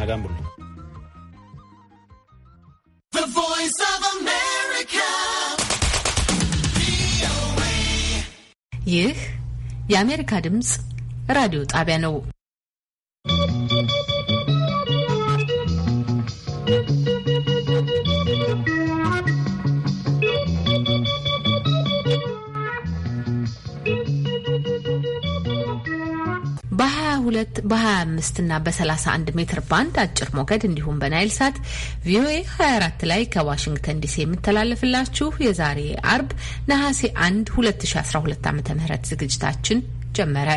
ነጋም ብሉ። ይህ የአሜሪካ ድምፅ ራዲዮ ጣቢያ ነው። በ በ25 እና በ31 ሜትር ባንድ አጭር ሞገድ እንዲሁም በናይል ሳት ቪኦኤ 24 ላይ ከዋሽንግተን ዲሲ የምተላለፍላችሁ የዛሬ አርብ ነሐሴ 1 2012 ዓ ም ዝግጅታችን ጀመረ።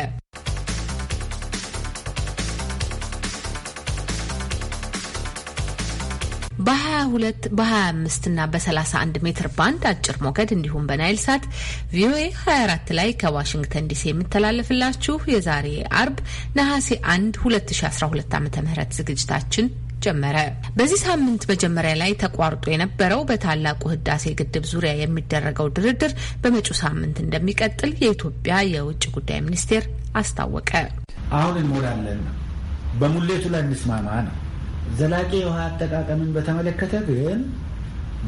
በ በ25 እና በ31 ሜትር ባንድ አጭር ሞገድ እንዲሁም በናይል ሳት ቪኦኤ 24 ላይ ከዋሽንግተን ዲሲ የሚተላለፍላችሁ የዛሬ አርብ ነሐሴ 1 2012 ዓ ም ዝግጅታችን ጀመረ። በዚህ ሳምንት መጀመሪያ ላይ ተቋርጦ የነበረው በታላቁ ህዳሴ ግድብ ዙሪያ የሚደረገው ድርድር በመጪው ሳምንት እንደሚቀጥል የኢትዮጵያ የውጭ ጉዳይ ሚኒስቴር አስታወቀ። አሁን እንሞላለን፣ በሙሌቱ ላይ እንስማማ ነው ዘላቂ የውሃ አጠቃቀምን በተመለከተ ግን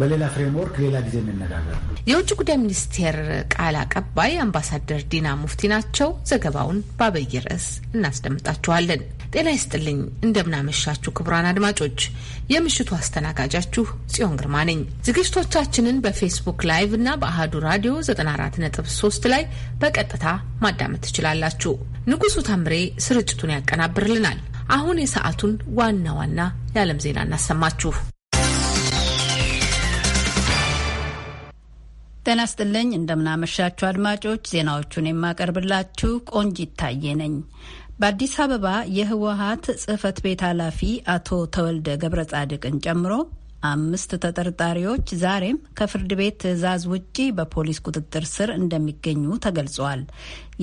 በሌላ ፍሬምወርክ ሌላ ጊዜ እንነጋገር። የውጭ ጉዳይ ሚኒስቴር ቃል አቀባይ አምባሳደር ዲና ሙፍቲ ናቸው። ዘገባውን በአብይ ርዕስ እናስደምጣችኋለን። ጤና ይስጥልኝ፣ እንደምናመሻችሁ ክቡራን አድማጮች፣ የምሽቱ አስተናጋጃችሁ ጽዮን ግርማ ነኝ። ዝግጅቶቻችንን በፌስቡክ ላይቭ እና በአህዱ ራዲዮ 94.3 ላይ በቀጥታ ማዳመጥ ትችላላችሁ። ንጉሱ ታምሬ ስርጭቱን ያቀናብርልናል። አሁን የሰዓቱን ዋና ዋና የዓለም ዜና እናሰማችሁ። ጤና ስጥልኝ፣ እንደምናመሻችሁ አድማጮች፣ ዜናዎቹን የማቀርብላችሁ ቆንጅ ይታየ ነኝ። በአዲስ አበባ የህወሀት ጽህፈት ቤት ኃላፊ አቶ ተወልደ ገብረ ጻድቅን ጨምሮ አምስት ተጠርጣሪዎች ዛሬም ከፍርድ ቤት ትዕዛዝ ውጪ በፖሊስ ቁጥጥር ስር እንደሚገኙ ተገልጿል።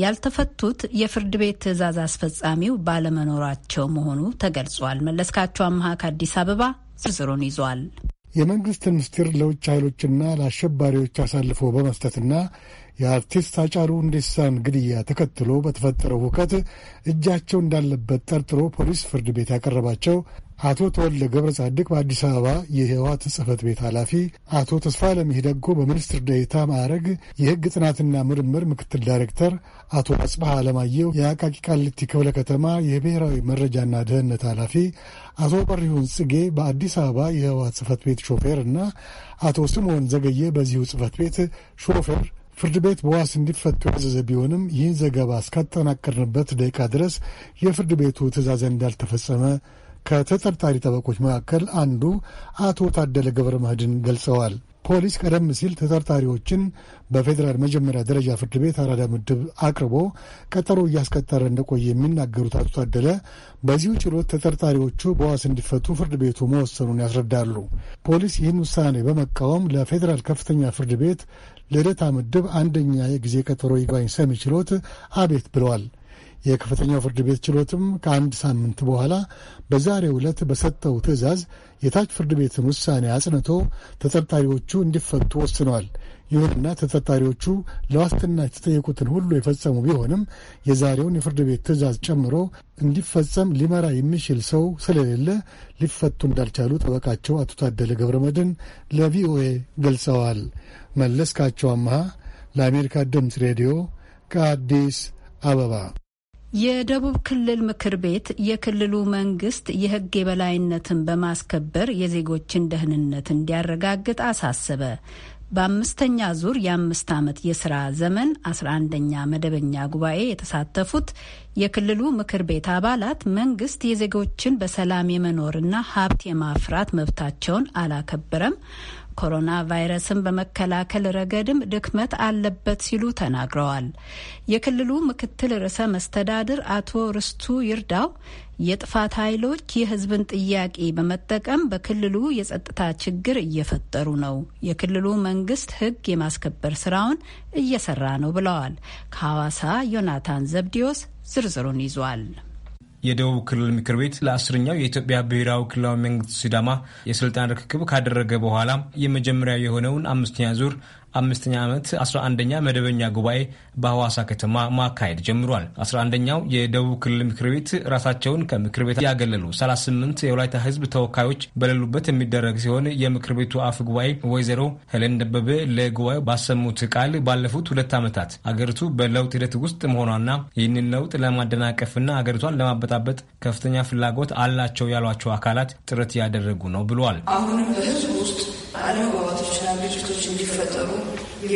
ያልተፈቱት የፍርድ ቤት ትዕዛዝ አስፈጻሚው ባለመኖራቸው መሆኑ ተገልጿል። መለስካቸው አምሃ ከአዲስ አበባ ዝርዝሩን ይዟል። የመንግስትን ምስጢር ለውጭ ኃይሎችና ለአሸባሪዎች አሳልፎ በመስጠትና የአርቲስት ሃጫሉ ሁንዴሳን ግድያ ተከትሎ በተፈጠረው ሁከት እጃቸው እንዳለበት ጠርጥሮ ፖሊስ ፍርድ ቤት ያቀረባቸው አቶ ተወልደ ገብረ ጻድቅ በአዲስ አበባ የህወሓት ጽህፈት ቤት ኃላፊ፣ አቶ ለሚህ ደጎ በሚኒስትር ዴኤታ ማዕረግ የህግ ጥናትና ምርምር ምክትል ዳይሬክተር፣ አቶ አጽባህ አለማየሁ የአቃቂ ቃሊቲ ክፍለ ከተማ የብሔራዊ መረጃና ደህንነት ኃላፊ፣ አቶ በሪሁን ጽጌ በአዲስ አበባ የህወሓት ጽህፈት ቤት ሾፌር እና አቶ ስምዖን ዘገየ በዚሁ ጽህፈት ቤት ሾፌር ፍርድ ቤት በዋስ እንዲፈቱ ያዘዘ ቢሆንም ይህን ዘገባ እስካጠናቀርንበት ደቂቃ ድረስ የፍርድ ቤቱ ትዕዛዝ እንዳልተፈጸመ ከተጠርጣሪ ጠበቆች መካከል አንዱ አቶ ታደለ ገብረ መድህን ገልጸዋል። ፖሊስ ቀደም ሲል ተጠርጣሪዎችን በፌዴራል መጀመሪያ ደረጃ ፍርድ ቤት አራዳ ምድብ አቅርቦ ቀጠሮ እያስቀጠረ እንደቆየ የሚናገሩት አቶ ታደለ በዚሁ ችሎት ተጠርጣሪዎቹ በዋስ እንዲፈቱ ፍርድ ቤቱ መወሰኑን ያስረዳሉ። ፖሊስ ይህን ውሳኔ በመቃወም ለፌዴራል ከፍተኛ ፍርድ ቤት ልደታ ምድብ አንደኛ የጊዜ ቀጠሮ ይግባኝ ሰሚ ችሎት አቤት ብለዋል። የከፍተኛው ፍርድ ቤት ችሎትም ከአንድ ሳምንት በኋላ በዛሬ ዕለት በሰጠው ትዕዛዝ የታች ፍርድ ቤትን ውሳኔ አጽንቶ ተጠርጣሪዎቹ እንዲፈቱ ወስነዋል። ይሁንና ተጠርጣሪዎቹ ለዋስትና የተጠየቁትን ሁሉ የፈጸሙ ቢሆንም የዛሬውን የፍርድ ቤት ትዕዛዝ ጨምሮ እንዲፈጸም ሊመራ የሚችል ሰው ስለሌለ ሊፈቱ እንዳልቻሉ ጠበቃቸው አቶ ታደለ ገብረ መድን ለቪኦኤ ገልጸዋል። መለስካቸው አመሃ ለአሜሪካ ድምፅ ሬዲዮ ከአዲስ አበባ የደቡብ ክልል ምክር ቤት የክልሉ መንግስት የህግ የበላይነትን በማስከበር የዜጎችን ደህንነት እንዲያረጋግጥ አሳሰበ። በአምስተኛ ዙር የአምስት ዓመት የስራ ዘመን 11ኛ መደበኛ ጉባኤ የተሳተፉት የክልሉ ምክር ቤት አባላት መንግስት የዜጎችን በሰላም የመኖርና ሀብት የማፍራት መብታቸውን አላከበረም፣ ኮሮና ቫይረስን በመከላከል ረገድም ድክመት አለበት ሲሉ ተናግረዋል። የክልሉ ምክትል ርዕሰ መስተዳድር አቶ ርስቱ ይርዳው የጥፋት ኃይሎች የሕዝብን ጥያቄ በመጠቀም በክልሉ የጸጥታ ችግር እየፈጠሩ ነው። የክልሉ መንግስት ሕግ የማስከበር ስራውን እየሰራ ነው ብለዋል። ከሐዋሳ ዮናታን ዘብዲዮስ ዝርዝሩን ይዟል። የደቡብ ክልል ምክር ቤት ለአስረኛው የኢትዮጵያ ብሔራዊ ክልላዊ መንግስት ሲዳማ የስልጣን ርክክብ ካደረገ በኋላ የመጀመሪያ የሆነውን አምስተኛ ዙር አምስተኛ ዓመት 11ኛ መደበኛ ጉባኤ በሐዋሳ ከተማ ማካሄድ ጀምሯል። 11ኛው የደቡብ ክልል ምክር ቤት ራሳቸውን ከምክር ቤት ያገለሉ 38 የወላይታ ህዝብ ተወካዮች በሌሉበት የሚደረግ ሲሆን የምክር ቤቱ አፍ ጉባኤ ወይዘሮ ሄለን ደበበ ለጉባኤው ባሰሙት ቃል ባለፉት ሁለት ዓመታት አገሪቱ በለውጥ ሂደት ውስጥ መሆኗና ይህንን ለውጥ ለማደናቀፍና አገሪቷን ለማበጣበጥ ከፍተኛ ፍላጎት አላቸው ያሏቸው አካላት ጥረት እያደረጉ ነው ብሏል። አሁንም በህዝብ ውስጥ አለመግባባቶች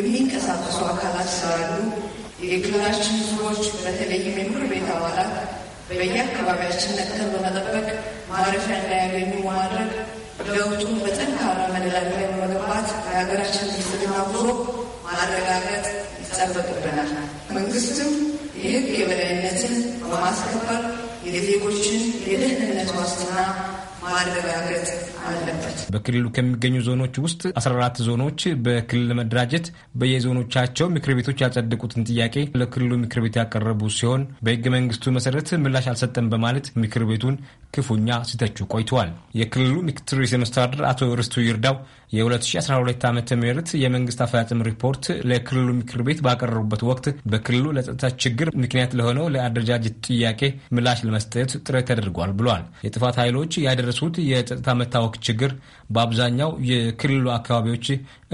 የሚንቀሳቀሱ አካላት ስላሉ የክልላችን ህዝቦች በተለይም የምክር ቤት አባላት በየአካባቢያችን ነቅተን በመጠበቅ ማረፊያ እንዳያገኙ ማድረግ ለውጡ በጠንካራ መደላል ላይ በሀገራችን የሀገራችን ብልጽግና ጉዞ ማረጋገጥ ይጠበቅብናል። መንግስትም የህግ የበላይነትን በማስከበር የዜጎችን የደህንነት ዋስትና ማረጋገጥ አለበት። በክልሉ ከሚገኙ ዞኖች ውስጥ 14 ዞኖች በክልል መደራጀት በየዞኖቻቸው ምክር ቤቶች ያጸደቁትን ጥያቄ ለክልሉ ምክር ቤት ያቀረቡ ሲሆን በህገ መንግስቱ መሰረት ምላሽ አልሰጠም በማለት ምክር ቤቱን ክፉኛ ሲተቹ ቆይተዋል። የክልሉ ምክትል ርዕሰ መስተዳድር አቶ ርስቱ ይርዳው የ2012 ዓ ም የመንግስት አፈጻጸም ሪፖርት ለክልሉ ምክር ቤት ባቀረቡበት ወቅት በክልሉ ለጸጥታ ችግር ምክንያት ለሆነው ለአደረጃጀት ጥያቄ ምላሽ ለመስጠት ጥረት ተደርጓል ብሏል። የጥፋት ኃይሎች ያደረሱት የጸጥታ መታወክ የማወቅ ችግር በአብዛኛው የክልሉ አካባቢዎች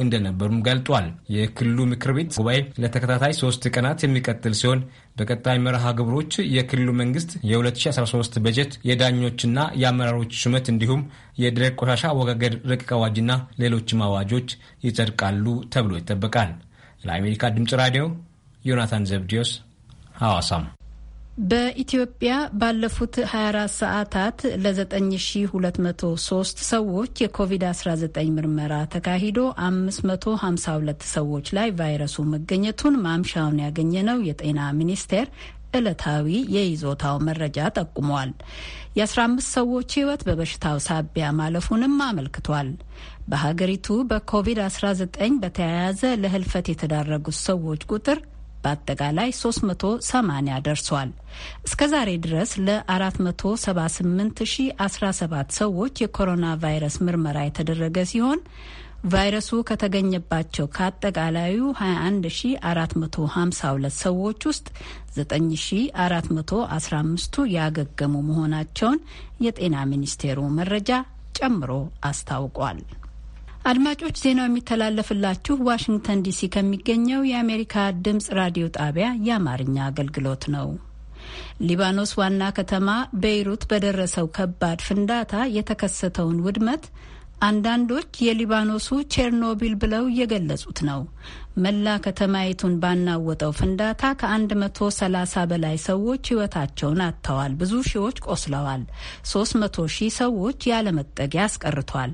እንደነበሩም ገልጧል። የክልሉ ምክር ቤት ጉባኤ ለተከታታይ ሶስት ቀናት የሚቀጥል ሲሆን በቀጣይ መርሃ ግብሮች የክልሉ መንግስት የ2013 በጀት፣ የዳኞችና የአመራሮች ሹመት እንዲሁም የደረቅ ቆሻሻ አወጋገድ ረቂቅ አዋጅና ሌሎችም አዋጆች ይጸድቃሉ ተብሎ ይጠበቃል። ለአሜሪካ ድምፅ ራዲዮ ዮናታን ዘብዲዮስ ሐዋሳም በኢትዮጵያ ባለፉት 24 ሰዓታት ለ9203 ሰዎች የኮቪድ-19 ምርመራ ተካሂዶ 552 ሰዎች ላይ ቫይረሱ መገኘቱን ማምሻውን ያገኘነው የጤና ሚኒስቴር ዕለታዊ የይዞታው መረጃ ጠቁሟል። የ15 ሰዎች ሕይወት በበሽታው ሳቢያ ማለፉንም አመልክቷል። በሀገሪቱ በኮቪድ-19 በተያያዘ ለህልፈት የተዳረጉት ሰዎች ቁጥር በአጠቃላይ 380 ደርሷል። እስከ ዛሬ ድረስ ለ478017 ሰዎች የኮሮና ቫይረስ ምርመራ የተደረገ ሲሆን ቫይረሱ ከተገኘባቸው ከአጠቃላዩ 21452 ሰዎች ውስጥ 9415ቱ ያገገሙ መሆናቸውን የጤና ሚኒስቴሩ መረጃ ጨምሮ አስታውቋል። አድማጮች ዜናው የሚተላለፍላችሁ ዋሽንግተን ዲሲ ከሚገኘው የአሜሪካ ድምጽ ራዲዮ ጣቢያ የአማርኛ አገልግሎት ነው። ሊባኖስ ዋና ከተማ ቤይሩት በደረሰው ከባድ ፍንዳታ የተከሰተውን ውድመት አንዳንዶች የሊባኖሱ ቼርኖቢል ብለው እየገለጹት ነው። መላ ከተማይቱን ባናወጠው ፍንዳታ ከ130 በላይ ሰዎች ሕይወታቸውን አጥተዋል። ብዙ ሺዎች ቆስለዋል። 300 ሺህ ሰዎች ያለመጠጊያ አስቀርቷል።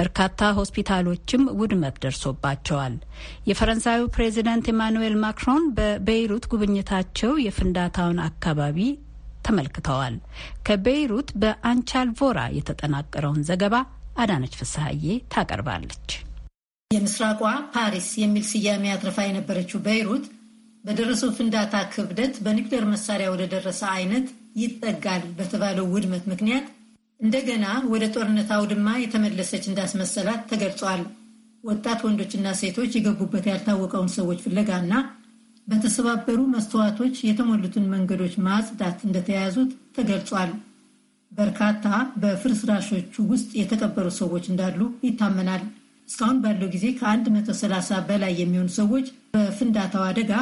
በርካታ ሆስፒታሎችም ውድመት ደርሶባቸዋል። የፈረንሳዩ ፕሬዚዳንት ኤማኑኤል ማክሮን በቤይሩት ጉብኝታቸው የፍንዳታውን አካባቢ ተመልክተዋል። ከቤይሩት በአንቻልቮራ የተጠናቀረውን ዘገባ አዳነች ፍስሐዬ ታቀርባለች። የምስራቋ ፓሪስ የሚል ስያሜ አትርፋ የነበረችው ቤይሩት በደረሰው ፍንዳታ ክብደት በኒውክሌር መሳሪያ ወደ ደረሰ አይነት ይጠጋል በተባለው ውድመት ምክንያት እንደገና ወደ ጦርነት አውድማ የተመለሰች እንዳስመሰላት ተገልጿል። ወጣት ወንዶችና ሴቶች የገቡበት ያልታወቀውን ሰዎች ፍለጋና በተሰባበሩ መስተዋቶች የተሞሉትን መንገዶች ማጽዳት እንደተያያዙት ተገልጿል። በርካታ በፍርስራሾቹ ውስጥ የተቀበሩ ሰዎች እንዳሉ ይታመናል። እስካሁን ባለው ጊዜ ከ130 በላይ የሚሆኑ ሰዎች በፍንዳታው አደጋ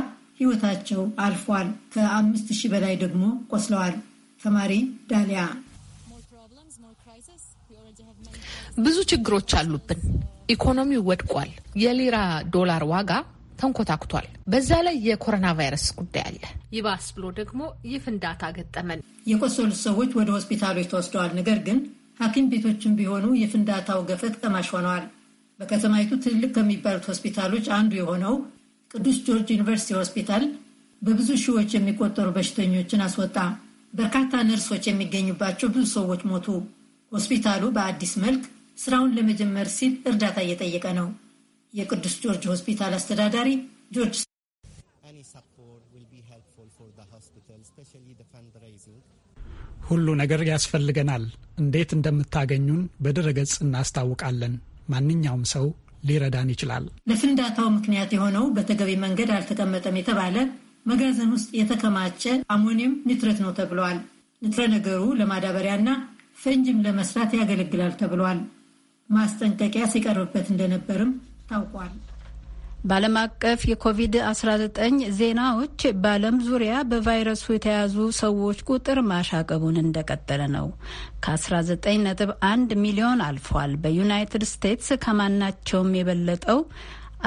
ሕይወታቸው አልፏል። ከአምስት ሺህ በላይ ደግሞ ቆስለዋል። ተማሪ ዳሊያ ብዙ ችግሮች አሉብን። ኢኮኖሚው ወድቋል። የሊራ ዶላር ዋጋ ተንኮታክቷል። በዛ ላይ የኮሮና ቫይረስ ጉዳይ አለ። ይባስ ብሎ ደግሞ ይህ ፍንዳታ ገጠመን። የቆሰሉት ሰዎች ወደ ሆስፒታሎች ተወስደዋል። ነገር ግን ሐኪም ቤቶችም ቢሆኑ የፍንዳታው ገፈት ቀማሽ ሆነዋል። በከተማይቱ ትልቅ ከሚባሉት ሆስፒታሎች አንዱ የሆነው ቅዱስ ጆርጅ ዩኒቨርሲቲ ሆስፒታል በብዙ ሺዎች የሚቆጠሩ በሽተኞችን አስወጣ። በርካታ ነርሶች የሚገኙባቸው ብዙ ሰዎች ሞቱ። ሆስፒታሉ በአዲስ መልክ ስራውን ለመጀመር ሲል እርዳታ እየጠየቀ ነው። የቅዱስ ጆርጅ ሆስፒታል አስተዳዳሪ ጆርጅ ሁሉ ነገር ያስፈልገናል። እንዴት እንደምታገኙን በድረገጽ እናስታውቃለን። ማንኛውም ሰው ሊረዳን ይችላል። ለፍንዳታው ምክንያት የሆነው በተገቢ መንገድ አልተቀመጠም የተባለ መጋዘን ውስጥ የተከማቸ አሞኒየም ንትረት ነው ተብሏል። ንጥረ ነገሩ ለማዳበሪያና ፈንጅም ለመስራት ያገለግላል ተብሏል። ማስጠንቀቂያ ሲቀርብበት እንደነበርም ታውቋል። በዓለም አቀፍ የኮቪድ-19 ዜናዎች በዓለም ዙሪያ በቫይረሱ የተያዙ ሰዎች ቁጥር ማሻቀቡን እንደቀጠለ ነው። ከ19.1 ሚሊዮን አልፏል። በዩናይትድ ስቴትስ ከማናቸውም የበለጠው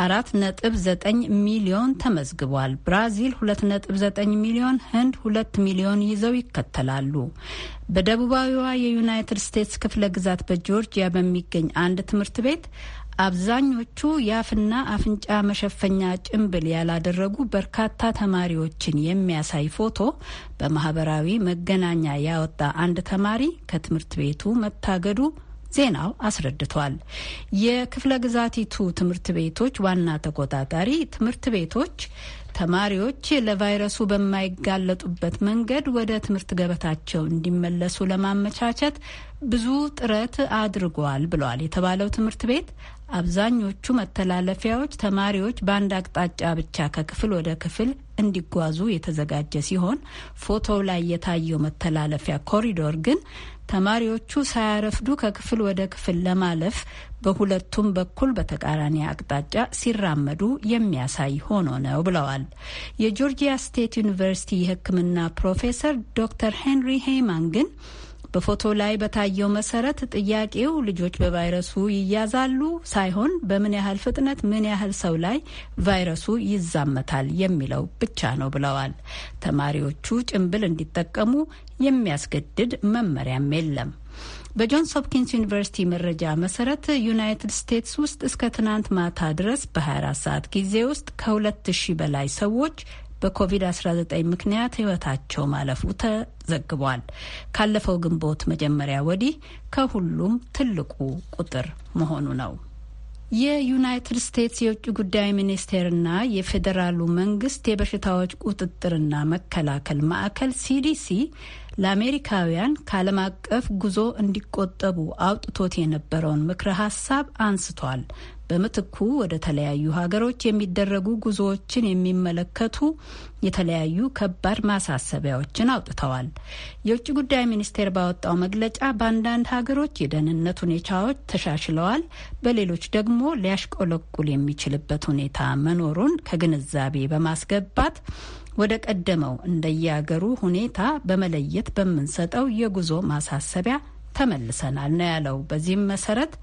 አራት ነጥብ ዘጠኝ ሚሊዮን ተመዝግቧል። ብራዚል ሁለት ነጥብ ዘጠኝ ሚሊዮን፣ ህንድ ሁለት ሚሊዮን ይዘው ይከተላሉ። በደቡባዊዋ የዩናይትድ ስቴትስ ክፍለ ግዛት በጆርጂያ በሚገኝ አንድ ትምህርት ቤት አብዛኞቹ የአፍና አፍንጫ መሸፈኛ ጭንብል ያላደረጉ በርካታ ተማሪዎችን የሚያሳይ ፎቶ በማህበራዊ መገናኛ ያወጣ አንድ ተማሪ ከትምህርት ቤቱ መታገዱ ዜናው አስረድቷል። የክፍለ ግዛቲቱ ትምህርት ቤቶች ዋና ተቆጣጣሪ ትምህርት ቤቶች ተማሪዎች ለቫይረሱ በማይጋለጡበት መንገድ ወደ ትምህርት ገበታቸው እንዲመለሱ ለማመቻቸት ብዙ ጥረት አድርጓል ብሏል የተባለው ትምህርት ቤት አብዛኞቹ መተላለፊያዎች ተማሪዎች በአንድ አቅጣጫ ብቻ ከክፍል ወደ ክፍል እንዲጓዙ የተዘጋጀ ሲሆን ፎቶው ላይ የታየው መተላለፊያ ኮሪዶር ግን ተማሪዎቹ ሳያረፍዱ ከክፍል ወደ ክፍል ለማለፍ በሁለቱም በኩል በተቃራኒ አቅጣጫ ሲራመዱ የሚያሳይ ሆኖ ነው ብለዋል። የጆርጂያ ስቴት ዩኒቨርሲቲ የሕክምና ፕሮፌሰር ዶክተር ሄንሪ ሄይማን ግን በፎቶ ላይ በታየው መሰረት ጥያቄው ልጆች በቫይረሱ ይያዛሉ ሳይሆን በምን ያህል ፍጥነት ምን ያህል ሰው ላይ ቫይረሱ ይዛመታል የሚለው ብቻ ነው ብለዋል። ተማሪዎቹ ጭንብል እንዲጠቀሙ የሚያስገድድ መመሪያም የለም። በጆንስ ሆፕኪንስ ዩኒቨርሲቲ መረጃ መሰረት ዩናይትድ ስቴትስ ውስጥ እስከ ትናንት ማታ ድረስ በ24 ሰዓት ጊዜ ውስጥ ከ2 በላይ ሰዎች በኮቪድ-19 ምክንያት ህይወታቸው ማለፉ ተዘግቧል። ካለፈው ግንቦት መጀመሪያ ወዲህ ከሁሉም ትልቁ ቁጥር መሆኑ ነው። የዩናይትድ ስቴትስ የውጭ ጉዳይ ሚኒስቴርና የፌዴራሉ መንግስት የበሽታዎች ቁጥጥርና መከላከል ማዕከል ሲዲሲ ለአሜሪካውያን ከዓለም አቀፍ ጉዞ እንዲቆጠቡ አውጥቶት የነበረውን ምክረ ሀሳብ አንስቷል። በምትኩ ወደ ተለያዩ ሀገሮች የሚደረጉ ጉዞዎችን የሚመለከቱ የተለያዩ ከባድ ማሳሰቢያዎችን አውጥተዋል። የውጭ ጉዳይ ሚኒስቴር ባወጣው መግለጫ በአንዳንድ ሀገሮች የደህንነት ሁኔታዎች ተሻሽለዋል፣ በሌሎች ደግሞ ሊያሽቆለቁል የሚችልበት ሁኔታ መኖሩን ከግንዛቤ በማስገባት ወደ ቀደመው እንደየአገሩ ሁኔታ በመለየት በምንሰጠው የጉዞ ማሳሰቢያ ተመልሰናል ነው ያለው። በዚህም መሰረት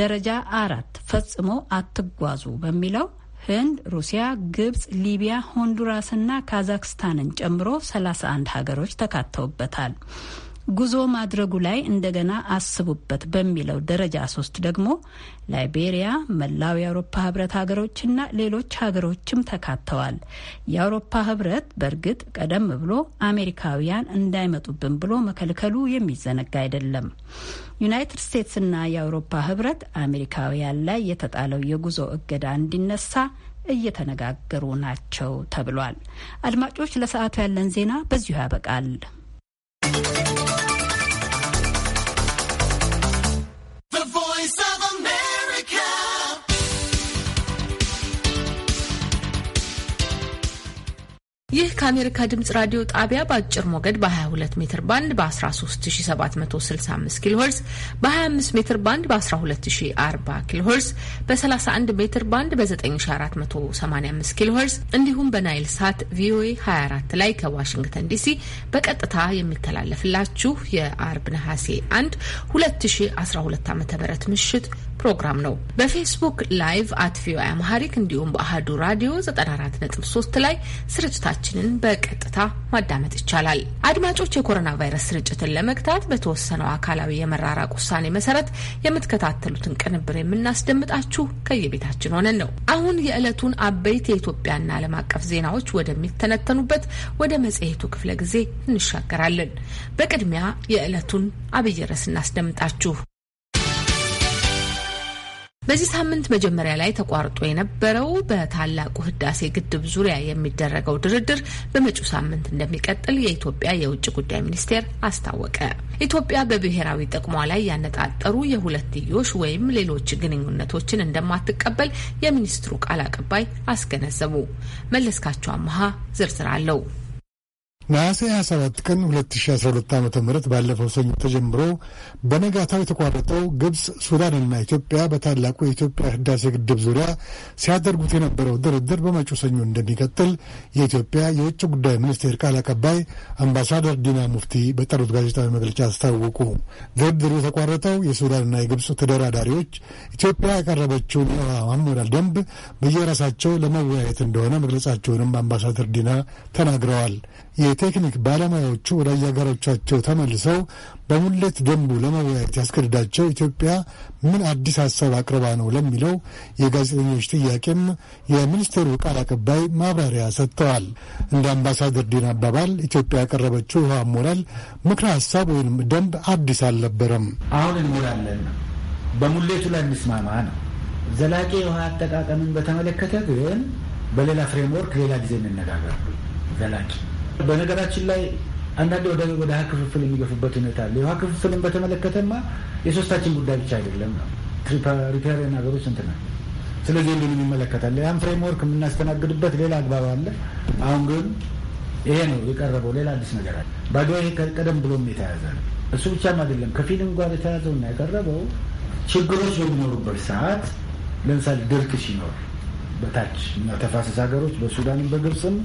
ደረጃ አራት ፈጽሞ አትጓዙ በሚለው ህንድ፣ ሩሲያ፣ ግብጽ፣ ሊቢያ፣ ሆንዱራስና ካዛክስታንን ጨምሮ 31 ሀገሮች ተካተውበታል። ጉዞ ማድረጉ ላይ እንደገና አስቡበት በሚለው ደረጃ ሶስት ደግሞ ላይቤሪያ፣ መላው የአውሮፓ ህብረት ሀገሮችና ሌሎች ሀገሮችም ተካተዋል። የአውሮፓ ህብረት በእርግጥ ቀደም ብሎ አሜሪካውያን እንዳይመጡብን ብሎ መከልከሉ የሚዘነጋ አይደለም። ዩናይትድ ስቴትስና የአውሮፓ ህብረት አሜሪካውያን ላይ የተጣለው የጉዞ እገዳ እንዲነሳ እየተነጋገሩ ናቸው ተብሏል። አድማጮች፣ ለሰዓቱ ያለን ዜና በዚሁ ያበቃል። ይህ ከአሜሪካ ድምጽ ራዲዮ ጣቢያ በአጭር ሞገድ በ22 ሜትር ባንድ በ13765 ኪሎ ሄርዝ በ25 ሜትር ባንድ በ1240 ኪሎ ሄርዝ በ31 ሜትር ባንድ በ9485 ኪሎ ሄርዝ እንዲሁም በናይል ሳት ቪኦኤ 24 ላይ ከዋሽንግተን ዲሲ በቀጥታ የሚተላለፍላችሁ የአርብ ነሐሴ 1 2012 ም ምሽት ፕሮግራም ነው። በፌስቡክ ላይቭ አት ቪኦኤ አምሃሪክ እንዲሁም በአህዱ ራዲዮ 94.3 ላይ ስርጭታችንን በቀጥታ ማዳመጥ ይቻላል። አድማጮች የኮሮና ቫይረስ ስርጭትን ለመግታት በተወሰነው አካላዊ የመራራቅ ውሳኔ መሰረት የምትከታተሉትን ቅንብር የምናስደምጣችሁ ከየቤታችን ሆነን ነው። አሁን የዕለቱን አበይት የኢትዮጵያና ዓለም አቀፍ ዜናዎች ወደሚተነተኑበት ወደ መጽሔቱ ክፍለ ጊዜ እንሻገራለን። በቅድሚያ የዕለቱን አብይ ርዕስ እናስደምጣችሁ። በዚህ ሳምንት መጀመሪያ ላይ ተቋርጦ የነበረው በታላቁ ህዳሴ ግድብ ዙሪያ የሚደረገው ድርድር በመጪው ሳምንት እንደሚቀጥል የኢትዮጵያ የውጭ ጉዳይ ሚኒስቴር አስታወቀ። ኢትዮጵያ በብሔራዊ ጥቅሟ ላይ ያነጣጠሩ የሁለትዮሽ ወይም ሌሎች ግንኙነቶችን እንደማትቀበል የሚኒስትሩ ቃል አቀባይ አስገነዘቡ። መለስካቸው አመሃ ዝርዝር አለው። ነሐሴ 27 ቀን 2012 ዓ ም ባለፈው ሰኞ ተጀምሮ በነጋታው የተቋረጠው ግብፅ፣ ሱዳንና ኢትዮጵያ በታላቁ የኢትዮጵያ ህዳሴ ግድብ ዙሪያ ሲያደርጉት የነበረው ድርድር በመጪው ሰኞ እንደሚቀጥል የኢትዮጵያ የውጭ ጉዳይ ሚኒስቴር ቃል አቀባይ አምባሳደር ዲና ሙፍቲ በጠሩት ጋዜጣዊ መግለጫ አስታወቁ። ድርድሩ የተቋረጠው የሱዳንና የግብፅ ተደራዳሪዎች ኢትዮጵያ ያቀረበችውን የውሃ ማሞላል ደንብ በየራሳቸው ለመወያየት እንደሆነ መግለጻቸውንም አምባሳደር ዲና ተናግረዋል። የቴክኒክ ባለሙያዎቹ ወደ አገሮቻቸው ተመልሰው በሙሌት ደንቡ ለመወያየት ያስገድዳቸው ኢትዮጵያ ምን አዲስ ሀሳብ አቅርባ ነው ለሚለው የጋዜጠኞች ጥያቄም የሚኒስቴሩ ቃል አቀባይ ማብራሪያ ሰጥተዋል። እንደ አምባሳደር ዲን አባባል ኢትዮጵያ ያቀረበችው ውሃ ሞላል ምክረ ሀሳብ ወይም ደንብ አዲስ አልነበረም። አሁን እንላለን በሙሌቱ ላይ እንስማማ ነው። ዘላቂ የውሃ አጠቃቀምን በተመለከተ ግን በሌላ ፍሬምወርክ ሌላ ጊዜ እንነጋገር ዘላቂ በነገራችን ላይ አንዳንድ ወደ ውሃ ክፍፍል የሚገፉበት ሁኔታ አለ። የውሃ ክፍፍልን በተመለከተማ የሶስታችን ጉዳይ ብቻ አይደለም ነው ሪፓሪያን ሀገሮች እንትና ስለዚህ ሁሉንም ይመለከታል። ያን ፍሬምወርክ የምናስተናግድበት ሌላ አግባብ አለ። አሁን ግን ይሄ ነው የቀረበው። ሌላ አዲስ ነገር አለ። ባዶ ይሄ ቀደም ብሎም የተያዘ ነው። እሱ ብቻም አይደለም ከፊልም ጋር የተያዘውና የቀረበው ችግሮች በሚኖሩበት ሰዓት ለምሳሌ ድርቅ ሲኖር በታች እና ተፋሰስ ሀገሮች በሱዳንም በግብፅም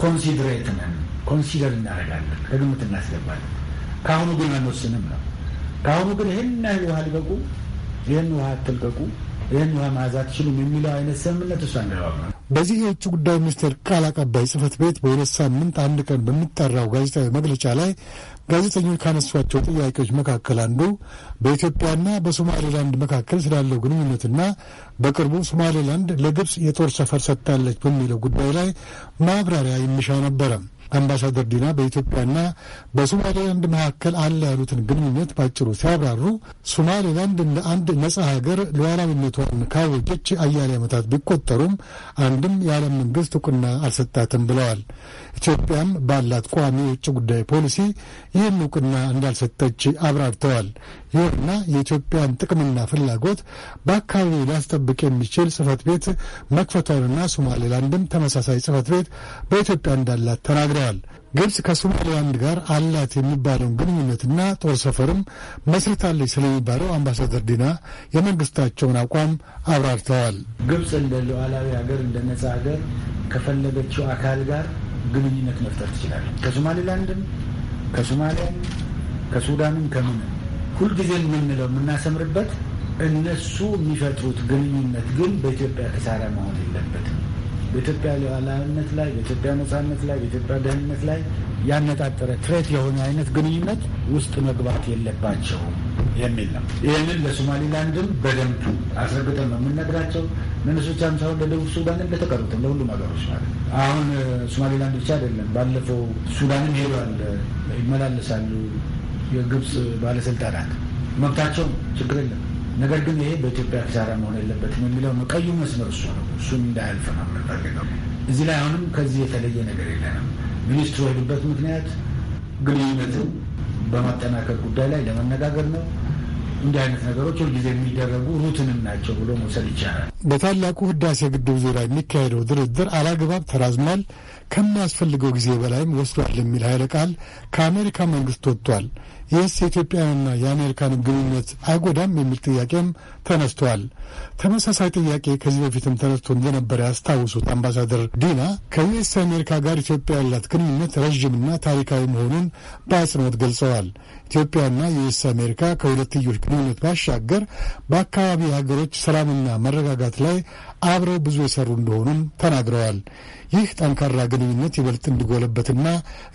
ኮንሲድሬት ነን፣ ኮንሲደር እናደርጋለን፣ ከግምት እናስገባለን። ከአሁኑ ግን አንወስንም ነው። ከአሁኑ ግን ይህን ያህል ውሃ ልቀቁ፣ ይህን ውሃ አትልቀቁ፣ ይህን ውሃ መያዝ አትችሉም የሚለው አይነት ስምምነት እሱ አንገባም ነው። በዚህ የውጭ ጉዳይ ሚኒስቴር ቃል አቀባይ ጽህፈት ቤት በሁለት ሳምንት አንድ ቀን በሚጠራው ጋዜጣዊ መግለጫ ላይ ጋዜጠኞች ካነሷቸው ጥያቄዎች መካከል አንዱ በኢትዮጵያና በሶማሌላንድ መካከል ስላለው ግንኙነትና በቅርቡ ሶማሌላንድ ለግብፅ የጦር ሰፈር ሰጥታለች በሚለው ጉዳይ ላይ ማብራሪያ የሚሻ ነበረ። አምባሳደር ዲና በኢትዮጵያና በሶማሌላንድ መካከል አለ ያሉትን ግንኙነት ባጭሩ ሲያብራሩ ሶማሌላንድ እንደ አንድ ነጻ ሀገር ሉዓላዊነቷን ካወጀች አያሌ ዓመታት ቢቆጠሩም አንድም የዓለም መንግስት እውቅና አልሰጣትም ብለዋል። ኢትዮጵያም ባላት ቋሚ የውጭ ጉዳይ ፖሊሲ ይህን እውቅና እንዳልሰጠች አብራርተዋል። ይሁንና የኢትዮጵያን ጥቅምና ፍላጎት በአካባቢው ሊያስጠብቅ የሚችል ጽህፈት ቤት መክፈቷንና ሶማሌላንድም ተመሳሳይ ጽህፈት ቤት በኢትዮጵያ እንዳላት ተናግረዋል። ግብጽ ከሶማሌላንድ ጋር አላት የሚባለውን ግንኙነትና ጦር ሰፈርም መስርታለች ስለሚባለው አምባሳደር ዲና የመንግስታቸውን አቋም አብራርተዋል። ግብጽ እንደ ሉዓላዊ ሀገር እንደ ነጻ ሀገር ከፈለገችው አካል ጋር ግንኙነት መፍጠር ትችላለች። ከሶማሌላንድም ከሶማሊያም፣ ከሱዳንም ከምንም ሁልጊዜ የምንለው የምናሰምርበት እነሱ የሚፈጥሩት ግንኙነት ግን በኢትዮጵያ ተሳሪ መሆን የለበትም። በኢትዮጵያ ሉዓላዊነት ላይ፣ በኢትዮጵያ ነጻነት ላይ፣ በኢትዮጵያ ደህንነት ላይ ያነጣጠረ ትሬት የሆነ አይነት ግንኙነት ውስጥ መግባት የለባቸውም የሚል ነው። ይህንን ለሶማሊላንድም በደንብ አስረግጠን ነው የምንነግራቸው። ለእነሱ ሳይሆን ለደቡብ ሱዳንም ለተቀሩትም፣ ለሁሉም ሀገሮች ማለት ነው። አሁን ሶማሊላንድ ብቻ አይደለም። ባለፈው ሱዳንም ሄዷል፣ ይመላለሳሉ የግብፅ ባለስልጣናት መብታቸው ችግር የለም። ነገር ግን ይሄ በኢትዮጵያ ኪሳራ መሆን የለበትም የሚለው ነው። ቀዩ መስመር እሱ ነው። እሱም እንዳያልፍ ነው የምንፈልገው። እዚህ ላይ አሁንም ከዚህ የተለየ ነገር የለንም። ሚኒስትሩ ሄዱበት ምክንያት ግንኙነትን በማጠናከር ጉዳይ ላይ ለመነጋገር ነው። እንዲህ አይነት ነገሮች ሁልጊዜ የሚደረጉ ሩትንም ናቸው ብሎ መውሰድ ይቻላል። በታላቁ ህዳሴ ግድብ ዙሪያ የሚካሄደው ድርድር አላግባብ ተራዝሟል፣ ከማያስፈልገው ጊዜ በላይም ወስዷል የሚል ኃይለ ቃል ከአሜሪካ መንግስት ወጥቷል። ይህስ የኢትዮጵያውያንና የአሜሪካንን ግንኙነት አይጎዳም የሚል ጥያቄም ተነስቷል። ተመሳሳይ ጥያቄ ከዚህ በፊትም ተነስቶ እንደነበረ ያስታውሱት አምባሳደር ዲና ከዩኤስ አሜሪካ ጋር ኢትዮጵያ ያላት ግንኙነት ረዥምና ታሪካዊ መሆኑን በአጽንኦት ገልጸዋል። ኢትዮጵያና ዩኤስ አሜሪካ ከሁለትዮሽ ግንኙነት ባሻገር በአካባቢ ሀገሮች ሰላምና መረጋጋት ላይ አብረው ብዙ የሰሩ እንደሆኑም ተናግረዋል። ይህ ጠንካራ ግንኙነት ይበልጥ እንዲጎለበትና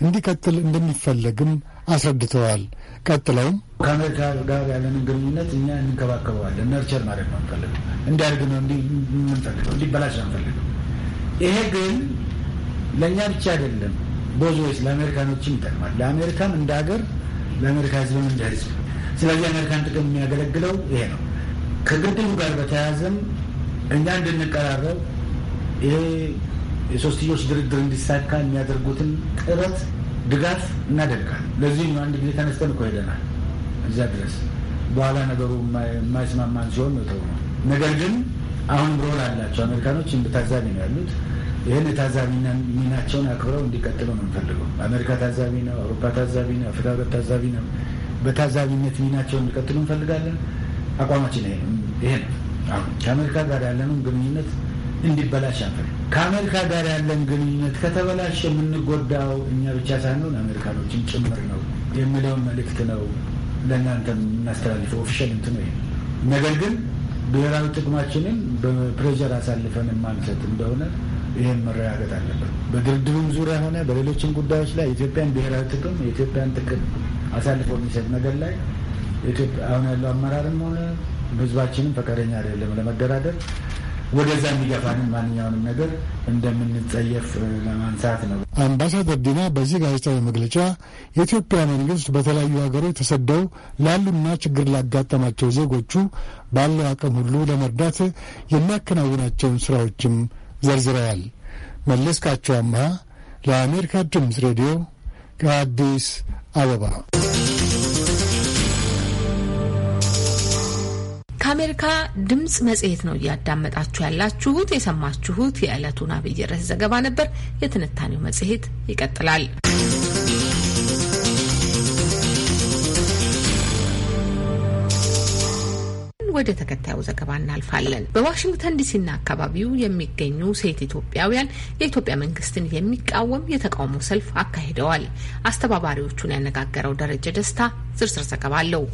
እንዲቀጥል እንደሚፈለግም አስረድተዋል። ቀጥለውም ከአሜሪካ ጋር ያለንን ግንኙነት እኛ እንንከባከበዋለን። ነርቸር ማድረግ ነው ንፈልግ እንዲያድግ ነው እንፈልገው እንዲበላሽ ነው ይሄ ግን ለእኛ ብቻ አይደለም፣ ቦዞች ለአሜሪካኖችም ይጠቅማል። ለአሜሪካም እንደ ሀገር፣ ለአሜሪካ ህዝብም እንደ ህዝብ። ስለዚህ አሜሪካን ጥቅም የሚያገለግለው ይሄ ነው። ከግድቡ ጋር በተያያዘም እኛ እንድንቀራረብ ይሄ የሶስትዮሽ ድርድር እንዲሳካ የሚያደርጉትን ጥረት ድጋፍ እናደርጋል። ለዚህም ነው አንድ ጊዜ ተነስተን እኮ ሄደናል እዚያ ድረስ። በኋላ ነገሩ የማይስማማን ሲሆን ነው ተው ነገር ግን አሁን ሮል አላቸው አሜሪካኖች፣ ታዛቢ ነው ያሉት። ይህን ታዛቢ ሚናቸውን አክብረው እንዲቀጥሉ ነው የምፈልገው። አሜሪካ ታዛቢ ነው፣ አውሮፓ ታዛቢ ነው፣ አፍሪካ ህብረት ታዛቢ ነው። በታዛቢነት ሚናቸውን እንዲቀጥሉ እንፈልጋለን። አቋማችን ይሄ ነው። አሁን ከአሜሪካ ጋር ያለንም ግንኙነት እንዲበላሽ አፈል ከአሜሪካ ጋር ያለን ግንኙነት ከተበላሽ የምንጎዳው እኛ ብቻ ሳንሆን አሜሪካኖችን ጭምር ነው የሚለውን መልእክት ነው ለእናንተ የምናስተላልፈው። ኦፊሻል እንትን ነው። ነገር ግን ብሔራዊ ጥቅማችንን በፕሬዠር አሳልፈን የማንሰጥ እንደሆነ ይህን መረጋገጥ አለበት። በድርድሩም ዙሪያ ሆነ በሌሎችም ጉዳዮች ላይ የኢትዮጵያን ብሔራዊ ጥቅም የኢትዮጵያን ጥቅም አሳልፎ የሚሰጥ ነገር ላይ አሁን ያለው አመራርም ሆነ ህዝባችንም ፈቃደኛ አይደለም ለመደራደር ወደዛ የሚገፋንን ማንኛውንም ነገር እንደምንጸየፍ ለማንሳት ነው። አምባሳደር ዲና በዚህ ጋዜጣዊ መግለጫ የኢትዮጵያ መንግስት በተለያዩ ሀገሮች ተሰደው ላሉና ችግር ላጋጠማቸው ዜጎቹ ባለው አቅም ሁሉ ለመርዳት የሚያከናውናቸውን ስራዎችም ዘርዝረዋል። መለስካቸው አምሃ ለአሜሪካ ድምፅ ሬዲዮ ከአዲስ አበባ ከአሜሪካ ድምጽ መጽሔት ነው እያዳመጣችሁ ያላችሁት። የሰማችሁት የዕለቱን አብይ ርዕስ ዘገባ ነበር። የትንታኔው መጽሔት ይቀጥላል። ወደ ተከታዩ ዘገባ እናልፋለን። በዋሽንግተን ዲሲና አካባቢው የሚገኙ ሴት ኢትዮጵያውያን የኢትዮጵያ መንግስትን የሚቃወም የተቃውሞ ሰልፍ አካሂደዋል። አስተባባሪዎቹን ያነጋገረው ደረጀ ደስታ ዝርዝር ዘገባ አለው።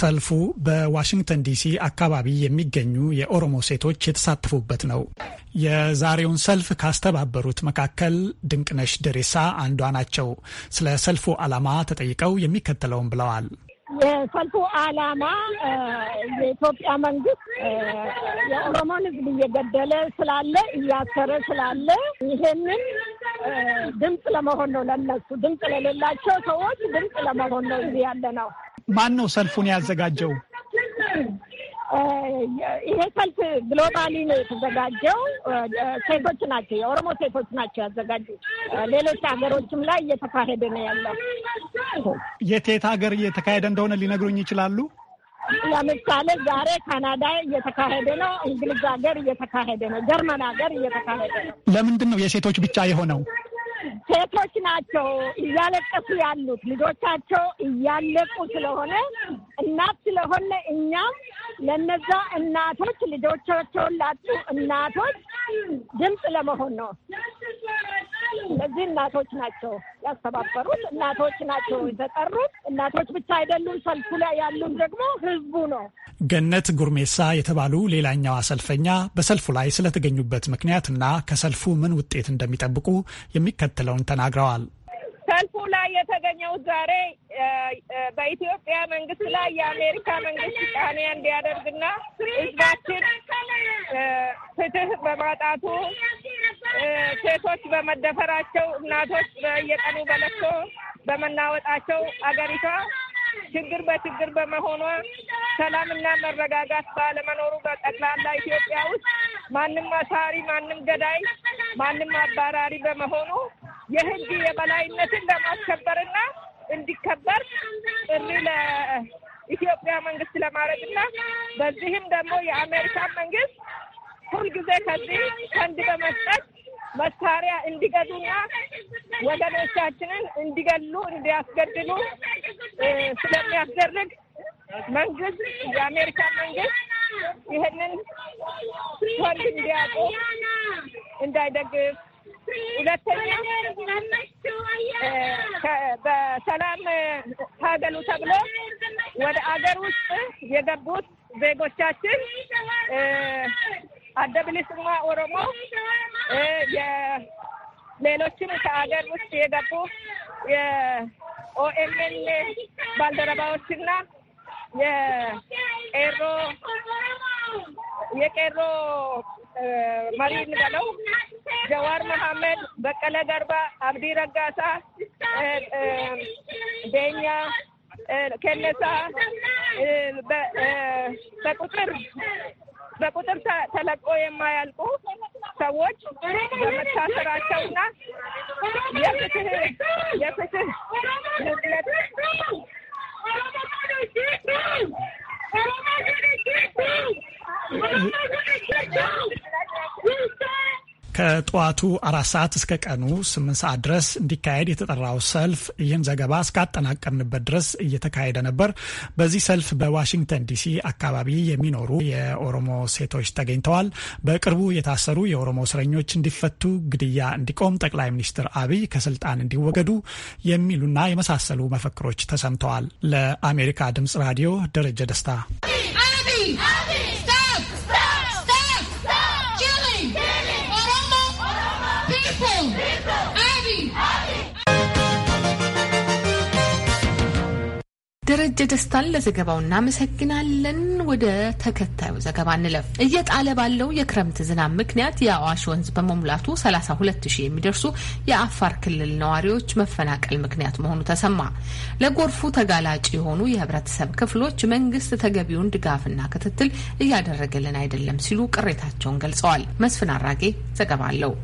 ሰልፉ በዋሽንግተን ዲሲ አካባቢ የሚገኙ የኦሮሞ ሴቶች የተሳተፉበት ነው። የዛሬውን ሰልፍ ካስተባበሩት መካከል ድንቅነሽ ደሬሳ አንዷ ናቸው። ስለ ሰልፉ ዓላማ ተጠይቀው የሚከተለውን ብለዋል። የሰልፉ ዓላማ የኢትዮጵያ መንግስት የኦሮሞን ሕዝብ እየገደለ ስላለ እያሰረ ስላለ ይሄንን ድምፅ ለመሆን ነው። ለነሱ ድምፅ ለሌላቸው ሰዎች ድምፅ ለመሆን ነው እዚህ ያለ ነው። ማን ነው ሰልፉን ያዘጋጀው? ይሄ ሰልፍ ግሎባሊ ነው የተዘጋጀው። ሴቶች ናቸው፣ የኦሮሞ ሴቶች ናቸው ያዘጋጁ። ሌሎች ሀገሮችም ላይ እየተካሄደ ነው ያለው። የት የት ሀገር እየተካሄደ እንደሆነ ሊነግሩኝ ይችላሉ? ለምሳሌ ዛሬ ካናዳ እየተካሄደ ነው፣ እንግሊዝ ሀገር እየተካሄደ ነው፣ ጀርመን ሀገር እየተካሄደ ነው። ለምንድን ነው የሴቶች ብቻ የሆነው? ሴቶች ናቸው እያለቀሱ ያሉት ልጆቻቸው እያለቁ ስለሆነ እናት ስለሆነ እኛም ለነዛ እናቶች ልጆቻቸውን ላጡ እናቶች ድምፅ ለመሆን ነው። እነዚህ እናቶች ናቸው ያስተባበሩት፣ እናቶች ናቸው የተጠሩት። እናቶች ብቻ አይደሉም፣ ሰልፉ ላይ ያሉም ደግሞ ህዝቡ ነው። ገነት ጉርሜሳ የተባሉ ሌላኛዋ ሰልፈኛ በሰልፉ ላይ ስለተገኙበት ምክንያት እና ከሰልፉ ምን ውጤት እንደሚጠብቁ የሚከተለውን ተናግረዋል። ሰልፉ ላይ የተገኘው ዛሬ በኢትዮጵያ መንግስት ላይ የአሜሪካ መንግስት ጫና እንዲያደርግና ህዝባችን ፍትህ በማጣቱ ሴቶች በመደፈራቸው፣ እናቶች በየቀኑ በለቅሶ በመናወጣቸው አገሪቷ ችግር በችግር በመሆኗ ሰላምና መረጋጋት ባለመኖሩ በጠቅላላ ኢትዮጵያ ውስጥ ማንም አሳሪ፣ ማንም ገዳይ፣ ማንም አባራሪ በመሆኑ የሕግ የበላይነትን ለማስከበርና እንዲከበር ጥሪ ለኢትዮጵያ መንግስት ለማድረግና በዚህም ደግሞ የአሜሪካን መንግስት ሁልጊዜ ከዚህ ፈንድ በመስጠት መሳሪያ እንዲገዙና ወገኖቻችንን እንዲገሉ እንዲያስገድሉ ስለሚያስደርግ መንግስት የአሜሪካ መንግስት ይህንን ፈንድ እንዲያጡ እንዳይደግፍ፣ ሁለተኛ በሰላም ታገሉ ተብሎ ወደ አገር ውስጥ የገቡት ዜጎቻችን አደብልስማ ኦሮሞ ሌሎችም ከሀገር ውስጥ የገቡ የኦኤምኤን ባልደረባዎችና የቄሮ የቄሮ መሪ እንበለው ጀዋር መሐመድ፣ በቀለ ገርባ፣ አብዲ ረጋሳ፣ ቤኛ ከነሳ በቁጥር በቁጥር ተለቆ የማያልቁ ሰዎች በመታሰራቸውና የፍትህ የፍትህ ጉድለት ከጠዋቱ አራት ሰዓት እስከ ቀኑ ስምንት ሰዓት ድረስ እንዲካሄድ የተጠራው ሰልፍ ይህን ዘገባ እስካጠናቀርንበት ድረስ እየተካሄደ ነበር። በዚህ ሰልፍ በዋሽንግተን ዲሲ አካባቢ የሚኖሩ የኦሮሞ ሴቶች ተገኝተዋል። በቅርቡ የታሰሩ የኦሮሞ እስረኞች እንዲፈቱ፣ ግድያ እንዲቆም፣ ጠቅላይ ሚኒስትር አብይ ከስልጣን እንዲወገዱ የሚሉና የመሳሰሉ መፈክሮች ተሰምተዋል። ለአሜሪካ ድምጽ ራዲዮ ደረጀ ደስታ ደረጀ ደስታን ለዘገባው እናመሰግናለን። ወደ ተከታዩ ዘገባ እንለፍ። እየጣለ ባለው የክረምት ዝናብ ምክንያት የአዋሽ ወንዝ በመሙላቱ 32 ሺህ የሚደርሱ የአፋር ክልል ነዋሪዎች መፈናቀል ምክንያት መሆኑ ተሰማ። ለጎርፉ ተጋላጭ የሆኑ የህብረተሰብ ክፍሎች መንግስት ተገቢውን ድጋፍና ክትትል እያደረገልን አይደለም ሲሉ ቅሬታቸውን ገልጸዋል። መስፍን አራጌ ዘገባ አለው።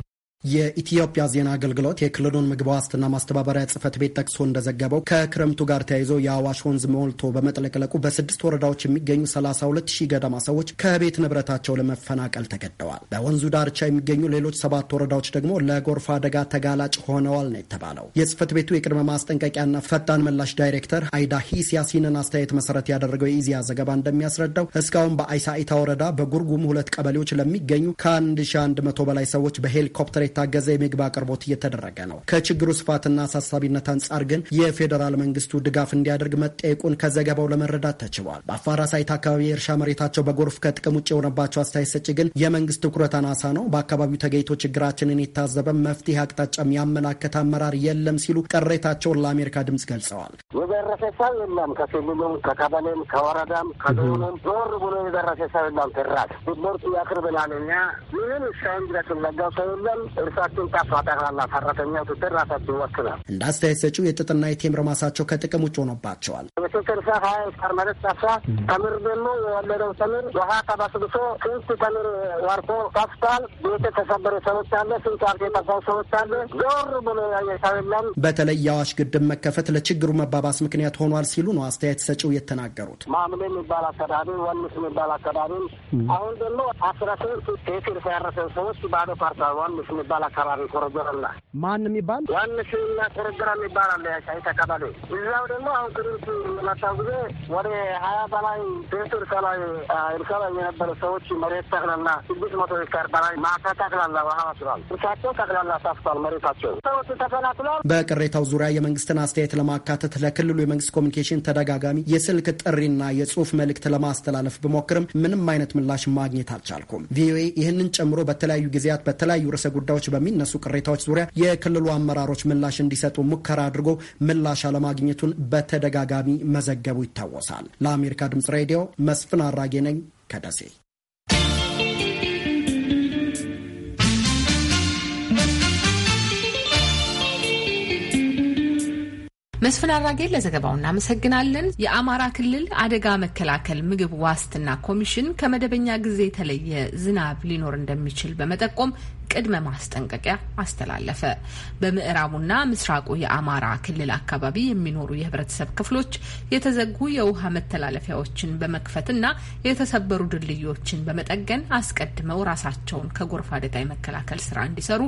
የኢትዮጵያ ዜና አገልግሎት የክልሉን ምግብ ዋስትና ማስተባበሪያ ጽህፈት ቤት ጠቅሶ እንደዘገበው ከክረምቱ ጋር ተያይዞ የአዋሽ ወንዝ ሞልቶ በመጥለቅለቁ በስድስት ወረዳዎች የሚገኙ 32 ሺህ ገደማ ሰዎች ከቤት ንብረታቸው ለመፈናቀል ተገደዋል። በወንዙ ዳርቻ የሚገኙ ሌሎች ሰባት ወረዳዎች ደግሞ ለጎርፍ አደጋ ተጋላጭ ሆነዋል ነው የተባለው። የጽሕፈት ቤቱ የቅድመ ማስጠንቀቂያና ፈጣን ምላሽ ዳይሬክተር አይዳ ሂስ ያሲንን አስተያየት መሰረት ያደረገው የኢዚያ ዘገባ እንደሚያስረዳው እስካሁን በአይሳኢታ ወረዳ በጉርጉም ሁለት ቀበሌዎች ለሚገኙ ከ1100 በላይ ሰዎች በሄሊኮፕተር የታገዘ የምግብ አቅርቦት እየተደረገ ነው። ከችግሩ ስፋትና አሳሳቢነት አንጻር ግን የፌዴራል መንግስቱ ድጋፍ እንዲያደርግ መጠየቁን ከዘገባው ለመረዳት ተችሏል። በአፋር ሳይት አካባቢ የእርሻ መሬታቸው በጎርፍ ከጥቅም ውጭ የሆነባቸው አስተያየት ሰጪ ግን የመንግስት ትኩረት አናሳ ነው፣ በአካባቢው ተገኝቶ ችግራችንን የታዘበ መፍትሄ አቅጣጫም ያመላከተ አመራር የለም ሲሉ ቅሬታቸውን ለአሜሪካ ድምጽ ገልጸዋል። የደረሰ ሰው የለም። ከክልሉም፣ ከቀበሌም፣ ከወረዳም፣ ከዞንም ዞር ብሎ የደረሰ ሰው የለም። ትራት ምርቱ ያቅርብላል እኛ ምንም ሰው እንግዳ ሰው የለም እርሳቸውን ታፋጠቅላላ ሰራተኛ ትስር ራሳቸው ይወክላል። እንደ አስተያየት ሰጪው የጥጥና የቴምር ማሳቸው ከጥቅም ውጭ ሆኖባቸዋል። ምሽት እርሳ ሀያ ስር መለት ጠፋ። ተምር ደግሞ የወለደው ተምር ውሃ ተበስብሶ ስንት ተምር ወርቶ ጠፍቷል። ቤት የተሰበረ ሰዎች አለ፣ ስንት ዋርኮ የጠፋው ሰዎች አለ። ዞር ብሎ ያየ በተለይ የአዋሽ ግድብ መከፈት ለችግሩ መባባስ ምክንያት ሆኗል ሲሉ ነው አስተያየት ሰጪው የተናገሩት። ማምሌ የሚባል አስተዳሪ፣ ወንስ የሚባል አስተዳሪ አሁን ደግሞ አስራ ስምንት ቴክር ያረሰ ሰዎች ባዶ ፓርታ ወንስ የሚባል አካባቢ ኮረጎረላ ማን የሚባል ዋንስ እና ኮረጎራ የሚባል አለ። ሻይት አካባቢ እዛው ደግሞ አሁን ትርት መጣው ጊዜ ወደ ሀያ በላይ ቤት እርሻ ላይ ላይ የነበረ ሰዎች መሬት ጠቅላላ ስድስት መቶ ሄክታር በላይ ማካ ጠቅላላ ውሃ ወስዷል። እርሳቸው ጠቅላላ ሳፍቷል። መሬታቸው ሰዎች ተፈናቅሏል። በቅሬታው ዙሪያ የመንግስትን አስተያየት ለማካተት ለክልሉ የመንግስት ኮሚኒኬሽን ተደጋጋሚ የስልክ ጥሪና የጽሁፍ መልእክት ለማስተላለፍ ብሞክርም ምንም አይነት ምላሽ ማግኘት አልቻልኩም። ቪኦኤ ይህንን ጨምሮ በተለያዩ ጊዜያት በተለያዩ ርዕሰ ጉዳዮች ጉዳዮች በሚነሱ ቅሬታዎች ዙሪያ የክልሉ አመራሮች ምላሽ እንዲሰጡ ሙከራ አድርጎ ምላሽ አለማግኘቱን በተደጋጋሚ መዘገቡ ይታወሳል። ለአሜሪካ ድምጽ ሬዲዮ መስፍን አራጌ ነኝ ከደሴ። መስፍን አራጌ ለዘገባው እናመሰግናለን። የአማራ ክልል አደጋ መከላከል ምግብ ዋስትና ኮሚሽን ከመደበኛ ጊዜ የተለየ ዝናብ ሊኖር እንደሚችል በመጠቆም ቅድመ ማስጠንቀቂያ አስተላለፈ። በምዕራቡና ምስራቁ የአማራ ክልል አካባቢ የሚኖሩ የህብረተሰብ ክፍሎች የተዘጉ የውሃ መተላለፊያዎችን በመክፈትና የተሰበሩ ድልድዮችን በመጠገን አስቀድመው ራሳቸውን ከጎርፍ አደጋ የመከላከል ስራ እንዲሰሩ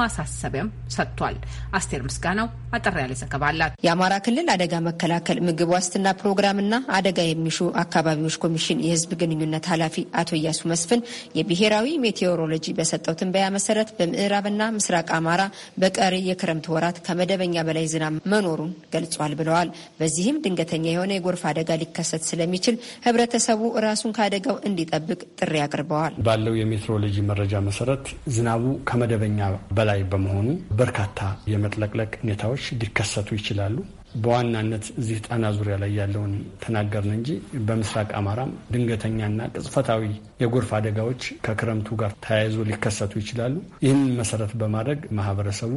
ማሳሰቢያም ሰጥቷል። አስቴር ምስጋናው አጠር ያለ ዘገባ አላት። የአማራ ክልል አደጋ መከላከል ምግብ ዋስትና ፕሮግራምና አደጋ የሚሹ አካባቢዎች ኮሚሽን የህዝብ ግንኙነት ኃላፊ አቶ እያሱ መስፍን የብሔራዊ ሜቴዎሮሎጂ በሰጠው ትንበያ መሰረት በምዕራብና ምስራቅ አማራ በቀሪ የክረምት ወራት ከመደበኛ በላይ ዝናብ መኖሩን ገልጿል ብለዋል። በዚህም ድንገተኛ የሆነ የጎርፍ አደጋ ሊከሰት ስለሚችል ህብረተሰቡ ራሱን ከአደጋው እንዲጠብቅ ጥሪ አቅርበዋል። ባለው የሜትሮሎጂ መረጃ መሰረት ዝናቡ ከመደበኛ በላይ በመሆኑ በርካታ የመጥለቅለቅ ሁኔታዎች ሊከሰቱ ይችላሉ። በዋናነት እዚህ ጣና ዙሪያ ላይ ያለውን ተናገርን እንጂ በምስራቅ አማራም ድንገተኛና ቅጽፈታዊ የጎርፍ አደጋዎች ከክረምቱ ጋር ተያይዞ ሊከሰቱ ይችላሉ። ይህንን መሰረት በማድረግ ማህበረሰቡ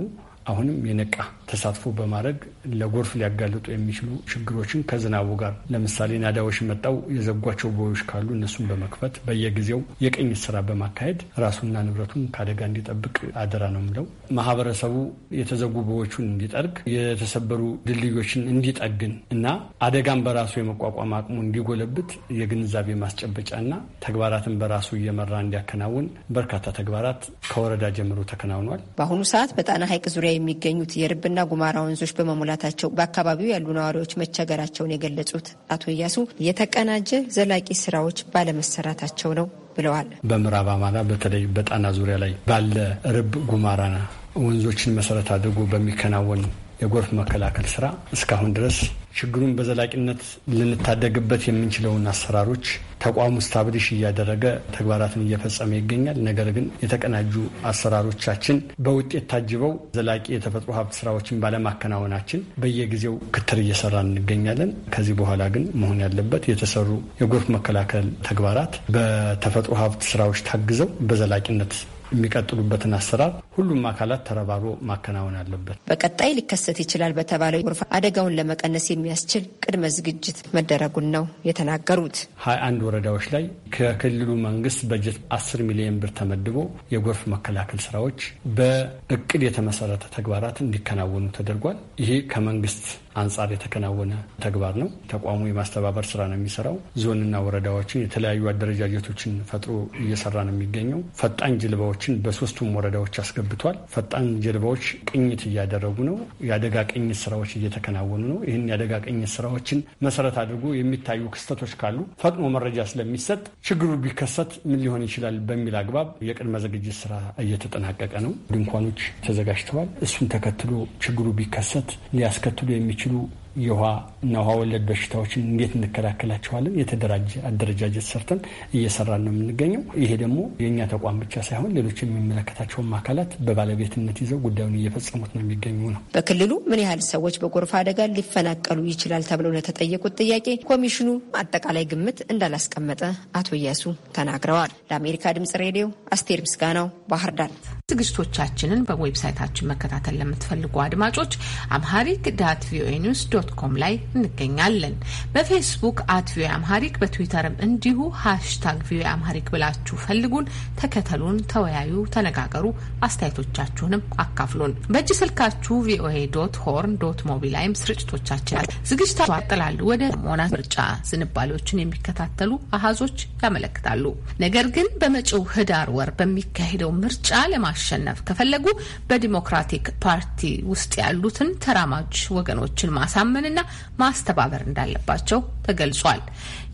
አሁንም የነቃ ተሳትፎ በማድረግ ለጎርፍ ሊያጋልጡ የሚችሉ ችግሮችን ከዝናቡ ጋር ለምሳሌ ናዳዎች መጣው የዘጓቸው ቦዮች ካሉ እነሱን በመክፈት በየጊዜው የቅኝት ስራ በማካሄድ ራሱና ንብረቱን ከአደጋ እንዲጠብቅ አደራ ነው የምለው። ማህበረሰቡ የተዘጉ ቦዮቹን እንዲጠርግ፣ የተሰበሩ ድልድዮችን እንዲጠግን እና አደጋን በራሱ የመቋቋም አቅሙ እንዲጎለብት የግንዛቤ ማስጨበጫና ተግባራትን በራሱ እየመራ እንዲያከናውን በርካታ ተግባራት ከወረዳ ጀምሮ ተከናውኗል። በአሁኑ ሰዓት በጣና ሐይቅ ዙሪያ የሚገኙት የርብና ጉማራ ወንዞች በመሙላታቸው በአካባቢው ያሉ ነዋሪዎች መቸገራቸውን የገለጹት አቶ እያሱ የተቀናጀ ዘላቂ ስራዎች ባለመሰራታቸው ነው ብለዋል። በምዕራብ አማራ በተለይ በጣና ዙሪያ ላይ ባለ ርብ ጉማራና ወንዞችን መሰረት አድርጎ በሚከናወን የጎርፍ መከላከል ስራ እስካሁን ድረስ ችግሩን በዘላቂነት ልንታደግበት የምንችለውን አሰራሮች ተቋሙ ስታብሊሽ እያደረገ ተግባራትን እየፈጸመ ይገኛል። ነገር ግን የተቀናጁ አሰራሮቻችን በውጤት ታጅበው ዘላቂ የተፈጥሮ ሀብት ስራዎችን ባለማከናወናችን በየጊዜው ክትር እየሰራ እንገኛለን። ከዚህ በኋላ ግን መሆን ያለበት የተሰሩ የጎርፍ መከላከል ተግባራት በተፈጥሮ ሀብት ስራዎች ታግዘው በዘላቂነት የሚቀጥሉበትን አሰራር ሁሉም አካላት ተረባሮ ማከናወን አለበት። በቀጣይ ሊከሰት ይችላል በተባለው ጎርፍ አደጋውን ለመቀነስ የሚያስችል ቅድመ ዝግጅት መደረጉን ነው የተናገሩት። ሀያ አንድ ወረዳዎች ላይ ከክልሉ መንግስት በጀት አስር ሚሊዮን ብር ተመድቦ የጎርፍ መከላከል ስራዎች በእቅድ የተመሰረተ ተግባራት እንዲከናወኑ ተደርጓል። ይሄ ከመንግስት አንጻር የተከናወነ ተግባር ነው። ተቋሙ የማስተባበር ስራ ነው የሚሰራው። ዞንና ወረዳዎችን የተለያዩ አደረጃጀቶችን ፈጥሮ እየሰራ ነው የሚገኘው። ፈጣን ጀልባዎችን በሶስቱም ወረዳዎች አስገብቷል። ፈጣን ጀልባዎች ቅኝት እያደረጉ ነው። የአደጋ ቅኝት ስራዎች እየተከናወኑ ነው። ይህን የአደጋ ቅኝት ስራዎችን መሰረት አድርጎ የሚታዩ ክስተቶች ካሉ ፈጥኖ መረጃ ስለሚሰጥ ችግሩ ቢከሰት ምን ሊሆን ይችላል በሚል አግባብ የቅድመ ዝግጅት ስራ እየተጠናቀቀ ነው። ድንኳኖች ተዘጋጅተዋል። እሱን ተከትሎ ችግሩ ቢከሰት ሊያስከትሉ የሚችሉ nous የውሃ እና ውሃ ወለድ በሽታዎችን እንዴት እንከላከላቸዋለን የተደራጀ አደረጃጀት ሰርተን እየሰራን ነው የምንገኘው። ይሄ ደግሞ የእኛ ተቋም ብቻ ሳይሆን ሌሎች የሚመለከታቸውም አካላት በባለቤትነት ይዘው ጉዳዩን እየፈጸሙት ነው የሚገኙ ነው። በክልሉ ምን ያህል ሰዎች በጎርፍ አደጋ ሊፈናቀሉ ይችላል ተብለው ለተጠየቁት ጥያቄ ኮሚሽኑ አጠቃላይ ግምት እንዳላስቀመጠ አቶ እያሱ ተናግረዋል። ለአሜሪካ ድምጽ ሬዲዮ አስቴር ምስጋናው ባህር ዳር። ዝግጅቶቻችንን በዌብሳይታችን መከታተል ለምትፈልጉ አድማጮች አምሃሪክ ዳት ቪኦኤ ኒውስ ዶት ኮም ላይ እንገኛለን። በፌስቡክ አት ቪኦኤ አምሃሪክ በትዊተርም እንዲሁ ሃሽታግ ቪኦኤ አምሃሪክ ብላችሁ ፈልጉን፣ ተከተሉን፣ ተወያዩ፣ ተነጋገሩ፣ አስተያየቶቻችሁንም አካፍሉን። በእጅ ስልካችሁ ቪኦኤ ዶት ሆርን ዶት ሞቢ ላይም ስርጭቶቻችን ዝግጅታ አጥላሉ ወደ ሞና ምርጫ ዝንባሌዎችን የሚከታተሉ አሃዞች ያመለክታሉ። ነገር ግን በመጪው ህዳር ወር በሚካሄደው ምርጫ ለማሸነፍ ከፈለጉ በዲሞክራቲክ ፓርቲ ውስጥ ያሉትን ተራማጅ ወገኖችን ማሳመ ማሳመንና ማስተባበር እንዳለባቸው ተገልጿል።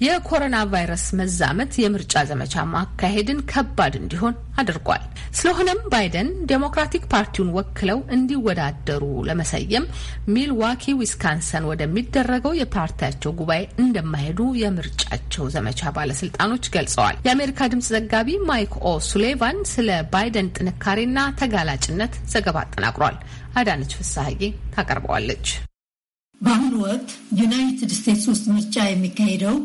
የኮሮና ቫይረስ መዛመት የምርጫ ዘመቻ ማካሄድን ከባድ እንዲሆን አድርጓል። ስለሆነም ባይደን ዴሞክራቲክ ፓርቲውን ወክለው እንዲወዳደሩ ለመሰየም ሚልዋኪ ዊስካንሰን ወደሚደረገው የፓርቲያቸው ጉባኤ እንደማይሄዱ የምርጫቸው ዘመቻ ባለስልጣኖች ገልጸዋል። የአሜሪካ ድምጽ ዘጋቢ ማይክ ኦ ሱሌቫን ስለ ባይደን ጥንካሬና ተጋላጭነት ዘገባ አጠናቅሯል። አዳነች ፍሳሀዬ ታቀርበዋለች። በአሁኑ ወቅት ዩናይትድ ስቴትስ ውስጥ ምርጫ የሚካሄደው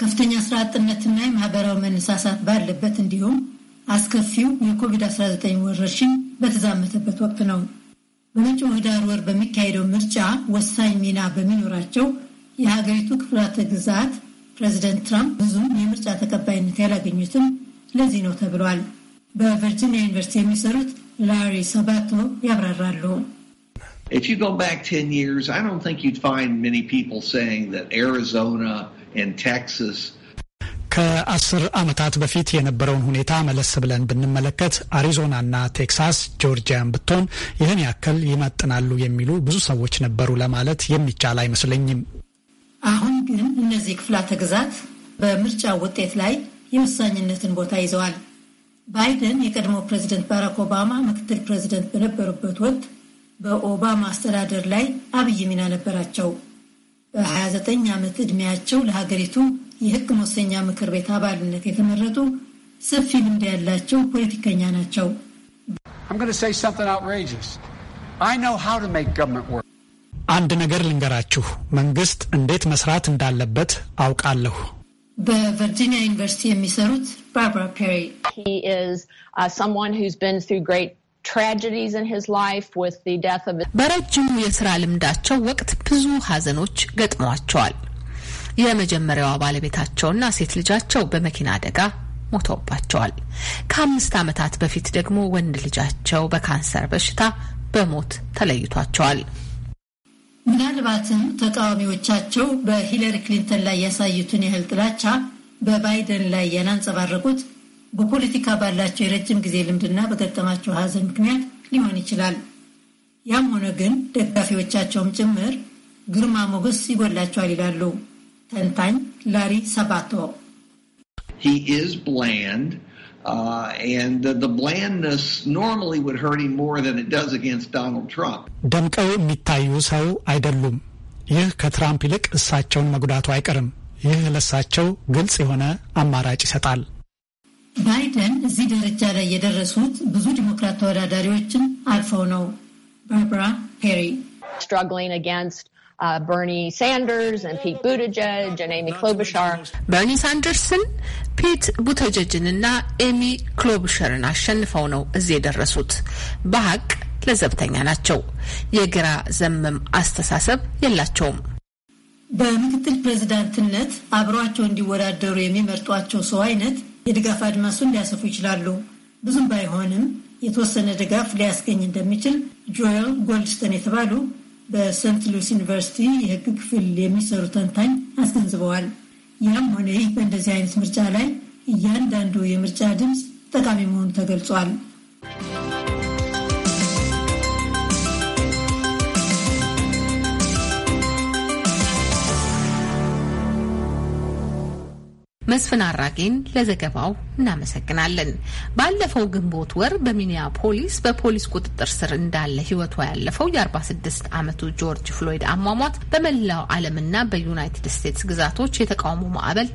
ከፍተኛ ስራ አጥነትና የማህበራዊ መነሳሳት ባለበት እንዲሁም አስከፊው የኮቪድ-19 ወረርሽኝ በተዛመተበት ወቅት ነው። በመጪው ህዳር ወር በሚካሄደው ምርጫ ወሳኝ ሚና በሚኖራቸው የሀገሪቱ ክፍላተ ግዛት ፕሬዚደንት ትራምፕ ብዙም የምርጫ ተቀባይነት ያላገኙትም ለዚህ ነው ተብሏል። በቨርጂኒያ ዩኒቨርሲቲ የሚሰሩት ላሪ ሰባቶ ያብራራሉ። If you go back 10 years, I don't think you'd find many people saying that Arizona and Texas ከአስር ዓመታት በፊት የነበረውን ሁኔታ መለስ ብለን ብንመለከት አሪዞናና ቴክሳስ ጆርጂያን ብትሆን ይህን ያክል ይመጥናሉ የሚሉ ብዙ ሰዎች ነበሩ ለማለት የሚቻል አይመስለኝም። አሁን ግን እነዚህ ክፍላተ ግዛት በምርጫ ውጤት ላይ የወሳኝነትን ቦታ ይዘዋል። ባይደን የቀድሞ ፕሬዚደንት ባራክ ኦባማ ምክትል ፕሬዚደንት በነበሩበት ወቅት በኦባማ አስተዳደር ላይ አብይ ሚና ነበራቸው። በ29 ዓመት ዕድሜያቸው ለሀገሪቱ የሕግ መወሰኛ ምክር ቤት አባልነት የተመረጡ ሰፊ ልምድ ያላቸው ፖለቲከኛ ናቸው። አንድ ነገር ልንገራችሁ፣ መንግስት እንዴት መስራት እንዳለበት አውቃለሁ። በቨርጂኒያ ዩኒቨርሲቲ የሚሰሩት ባርባራ ፔሪ በረጅሙ የስራ ልምዳቸው ወቅት ብዙ ሀዘኖች ገጥመዋቸዋል። የመጀመሪያዋ ባለቤታቸውና ሴት ልጃቸው በመኪና አደጋ ሞተውባቸዋል። ከአምስት ዓመታት በፊት ደግሞ ወንድ ልጃቸው በካንሰር በሽታ በሞት ተለይቷቸዋል። ምናልባትም ተቃዋሚዎቻቸው በሂለሪ ክሊንተን ላይ ያሳዩትን ያህል ጥላቻ በባይደን ላይ ያላንጸባረቁት በፖለቲካ ባላቸው የረጅም ጊዜ ልምድና በገጠማቸው ሀዘን ምክንያት ሊሆን ይችላል። ያም ሆነ ግን ደጋፊዎቻቸውም ጭምር ግርማ ሞገስ ይጎላቸዋል ይላሉ ተንታኝ ላሪ ሰባቶ። ደምቀው የሚታዩ ሰው አይደሉም። ይህ ከትራምፕ ይልቅ እሳቸውን መጉዳቱ አይቀርም። ይህ ለእሳቸው ግልጽ የሆነ አማራጭ ይሰጣል። ባይደን እዚህ ደረጃ ላይ የደረሱት ብዙ ዲሞክራት ተወዳዳሪዎችን አልፈው ነው። ባርባራ ፔሪ በርኒ ሳንደርስን፣ ፒት ቡተጀጅንና ኤሚ ክሎብሸርን አሸንፈው ነው እዚህ የደረሱት። በሀቅ ለዘብተኛ ናቸው። የግራ ዘመም አስተሳሰብ የላቸውም። በምክትል ፕሬዚዳንትነት አብሯቸው እንዲወዳደሩ የሚመርጧቸው ሰው አይነት የድጋፍ አድማሱ ሊያሰፉ ይችላሉ። ብዙም ባይሆንም የተወሰነ ድጋፍ ሊያስገኝ እንደሚችል ጆኤል ጎልድስተን የተባሉ በሰንት ሉዊስ ዩኒቨርሲቲ የሕግ ክፍል የሚሰሩ ተንታኝ አስገንዝበዋል። ያም ሆነ ይህ በእንደዚህ አይነት ምርጫ ላይ እያንዳንዱ የምርጫ ድምፅ ጠቃሚ መሆኑ ተገልጿል። መስፍን አራጌን ለዘገባው እናመሰግናለን። ባለፈው ግንቦት ወር በሚኒያፖሊስ በፖሊስ ቁጥጥር ስር እንዳለ ህይወቷ ያለፈው የ46 ዓመቱ ጆርጅ ፍሎይድ አሟሟት በመላው ዓለምና በዩናይትድ ስቴትስ ግዛቶች የተቃውሞ ማዕበል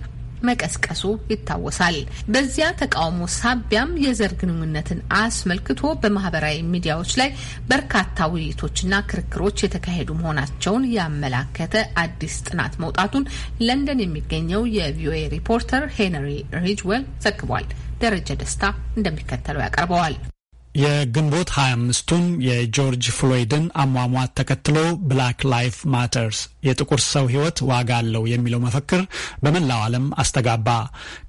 መቀስቀሱ ይታወሳል። በዚያ ተቃውሞ ሳቢያም የዘር ግንኙነትን አስመልክቶ በማህበራዊ ሚዲያዎች ላይ በርካታ ውይይቶችና ክርክሮች የተካሄዱ መሆናቸውን ያመላከተ አዲስ ጥናት መውጣቱን ለንደን የሚገኘው የቪኦኤ ሪፖርተር ሄንሪ ሪጅዌል ዘግቧል። ደረጀ ደስታ እንደሚከተለው ያቀርበዋል። የግንቦት 25ቱን የጆርጅ ፍሎይድን አሟሟት ተከትሎ ብላክ ላይፍ ማተርስ የጥቁር ሰው ህይወት ዋጋ አለው የሚለው መፈክር በመላው ዓለም አስተጋባ።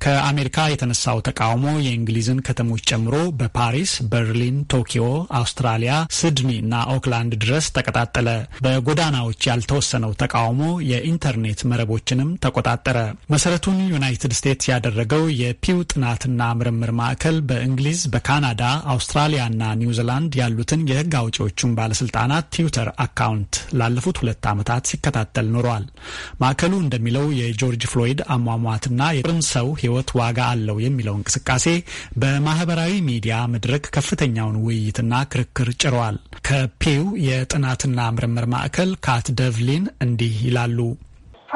ከአሜሪካ የተነሳው ተቃውሞ የእንግሊዝን ከተሞች ጨምሮ በፓሪስ፣ በርሊን፣ ቶኪዮ፣ አውስትራሊያ፣ ሲድኒ እና ኦክላንድ ድረስ ተቀጣጠለ። በጎዳናዎች ያልተወሰነው ተቃውሞ የኢንተርኔት መረቦችንም ተቆጣጠረ። መሰረቱን ዩናይትድ ስቴትስ ያደረገው የፒው ጥናትና ምርምር ማዕከል በእንግሊዝ፣ በካናዳ፣ አውስትራሊያና ኒውዚላንድ ያሉትን የህግ አውጪዎቹን ባለስልጣናት ትዊተር አካውንት ላለፉት ሁለት ዓመታት ሲከታተል ሲከታተል ኖሯል። ማዕከሉ እንደሚለው የጆርጅ ፍሎይድ አሟሟትና የጥርም ሰው ሕይወት ዋጋ አለው የሚለው እንቅስቃሴ በማህበራዊ ሚዲያ መድረክ ከፍተኛውን ውይይትና ክርክር ጭሯል። ከፒው የጥናትና ምርምር ማዕከል ካት ደቭሊን እንዲህ ይላሉ።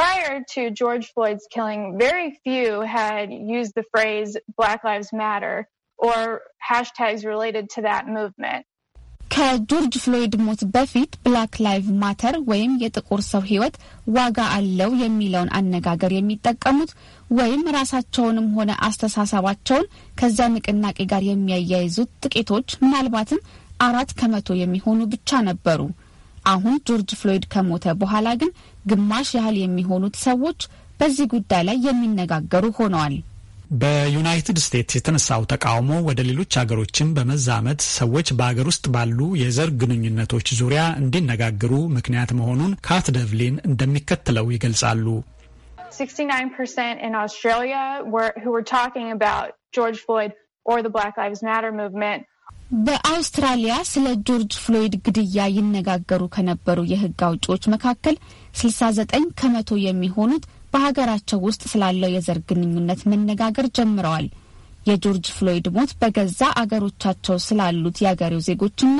prior to George Floyd's killing, very few had used the phrase Black Lives Matter or hashtags related to that movement. ከጆርጅ ፍሎይድ ሞት በፊት ብላክ ላይቭ ማተር ወይም የጥቁር ሰው ህይወት ዋጋ አለው የሚለውን አነጋገር የሚጠቀሙት ወይም ራሳቸውንም ሆነ አስተሳሰባቸውን ከዚያ ንቅናቄ ጋር የሚያያይዙት ጥቂቶች ምናልባትም አራት ከመቶ የሚሆኑ ብቻ ነበሩ። አሁን ጆርጅ ፍሎይድ ከሞተ በኋላ ግን ግማሽ ያህል የሚሆኑት ሰዎች በዚህ ጉዳይ ላይ የሚነጋገሩ ሆነዋል። በዩናይትድ ስቴትስ የተነሳው ተቃውሞ ወደ ሌሎች ሀገሮችም በመዛመት ሰዎች በሀገር ውስጥ ባሉ የዘር ግንኙነቶች ዙሪያ እንዲነጋገሩ ምክንያት መሆኑን ካት ደቭሊን እንደሚከተለው ይገልጻሉ። በአውስትራሊያ ስለ ጆርጅ ፍሎይድ ግድያ ይነጋገሩ ከነበሩ የህግ አውጪዎች መካከል 69 ከመቶ የሚሆኑት በሀገራቸው ውስጥ ስላለው የዘር ግንኙነት መነጋገር ጀምረዋል። የጆርጅ ፍሎይድ ሞት በገዛ አገሮቻቸው ስላሉት የአገሬው ዜጎችና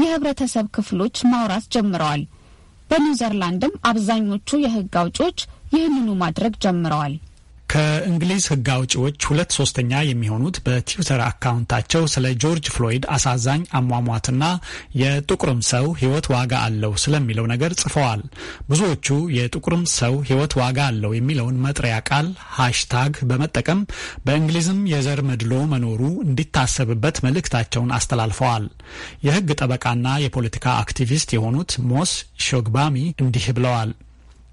የህብረተሰብ ክፍሎች ማውራት ጀምረዋል። በኒውዘርላንድም አብዛኞቹ የህግ አውጪዎች ይህንኑ ማድረግ ጀምረዋል። ከእንግሊዝ ሕግ አውጪዎች ሁለት ሶስተኛ የሚሆኑት በትዊተር አካውንታቸው ስለ ጆርጅ ፍሎይድ አሳዛኝ አሟሟትና የጥቁርም ሰው ሕይወት ዋጋ አለው ስለሚለው ነገር ጽፈዋል። ብዙዎቹ የጥቁርም ሰው ሕይወት ዋጋ አለው የሚለውን መጥሪያ ቃል ሃሽታግ በመጠቀም በእንግሊዝም የዘር መድሎ መኖሩ እንዲታሰብበት መልእክታቸውን አስተላልፈዋል። የሕግ ጠበቃና የፖለቲካ አክቲቪስት የሆኑት ሞስ ሾግባሚ እንዲህ ብለዋል።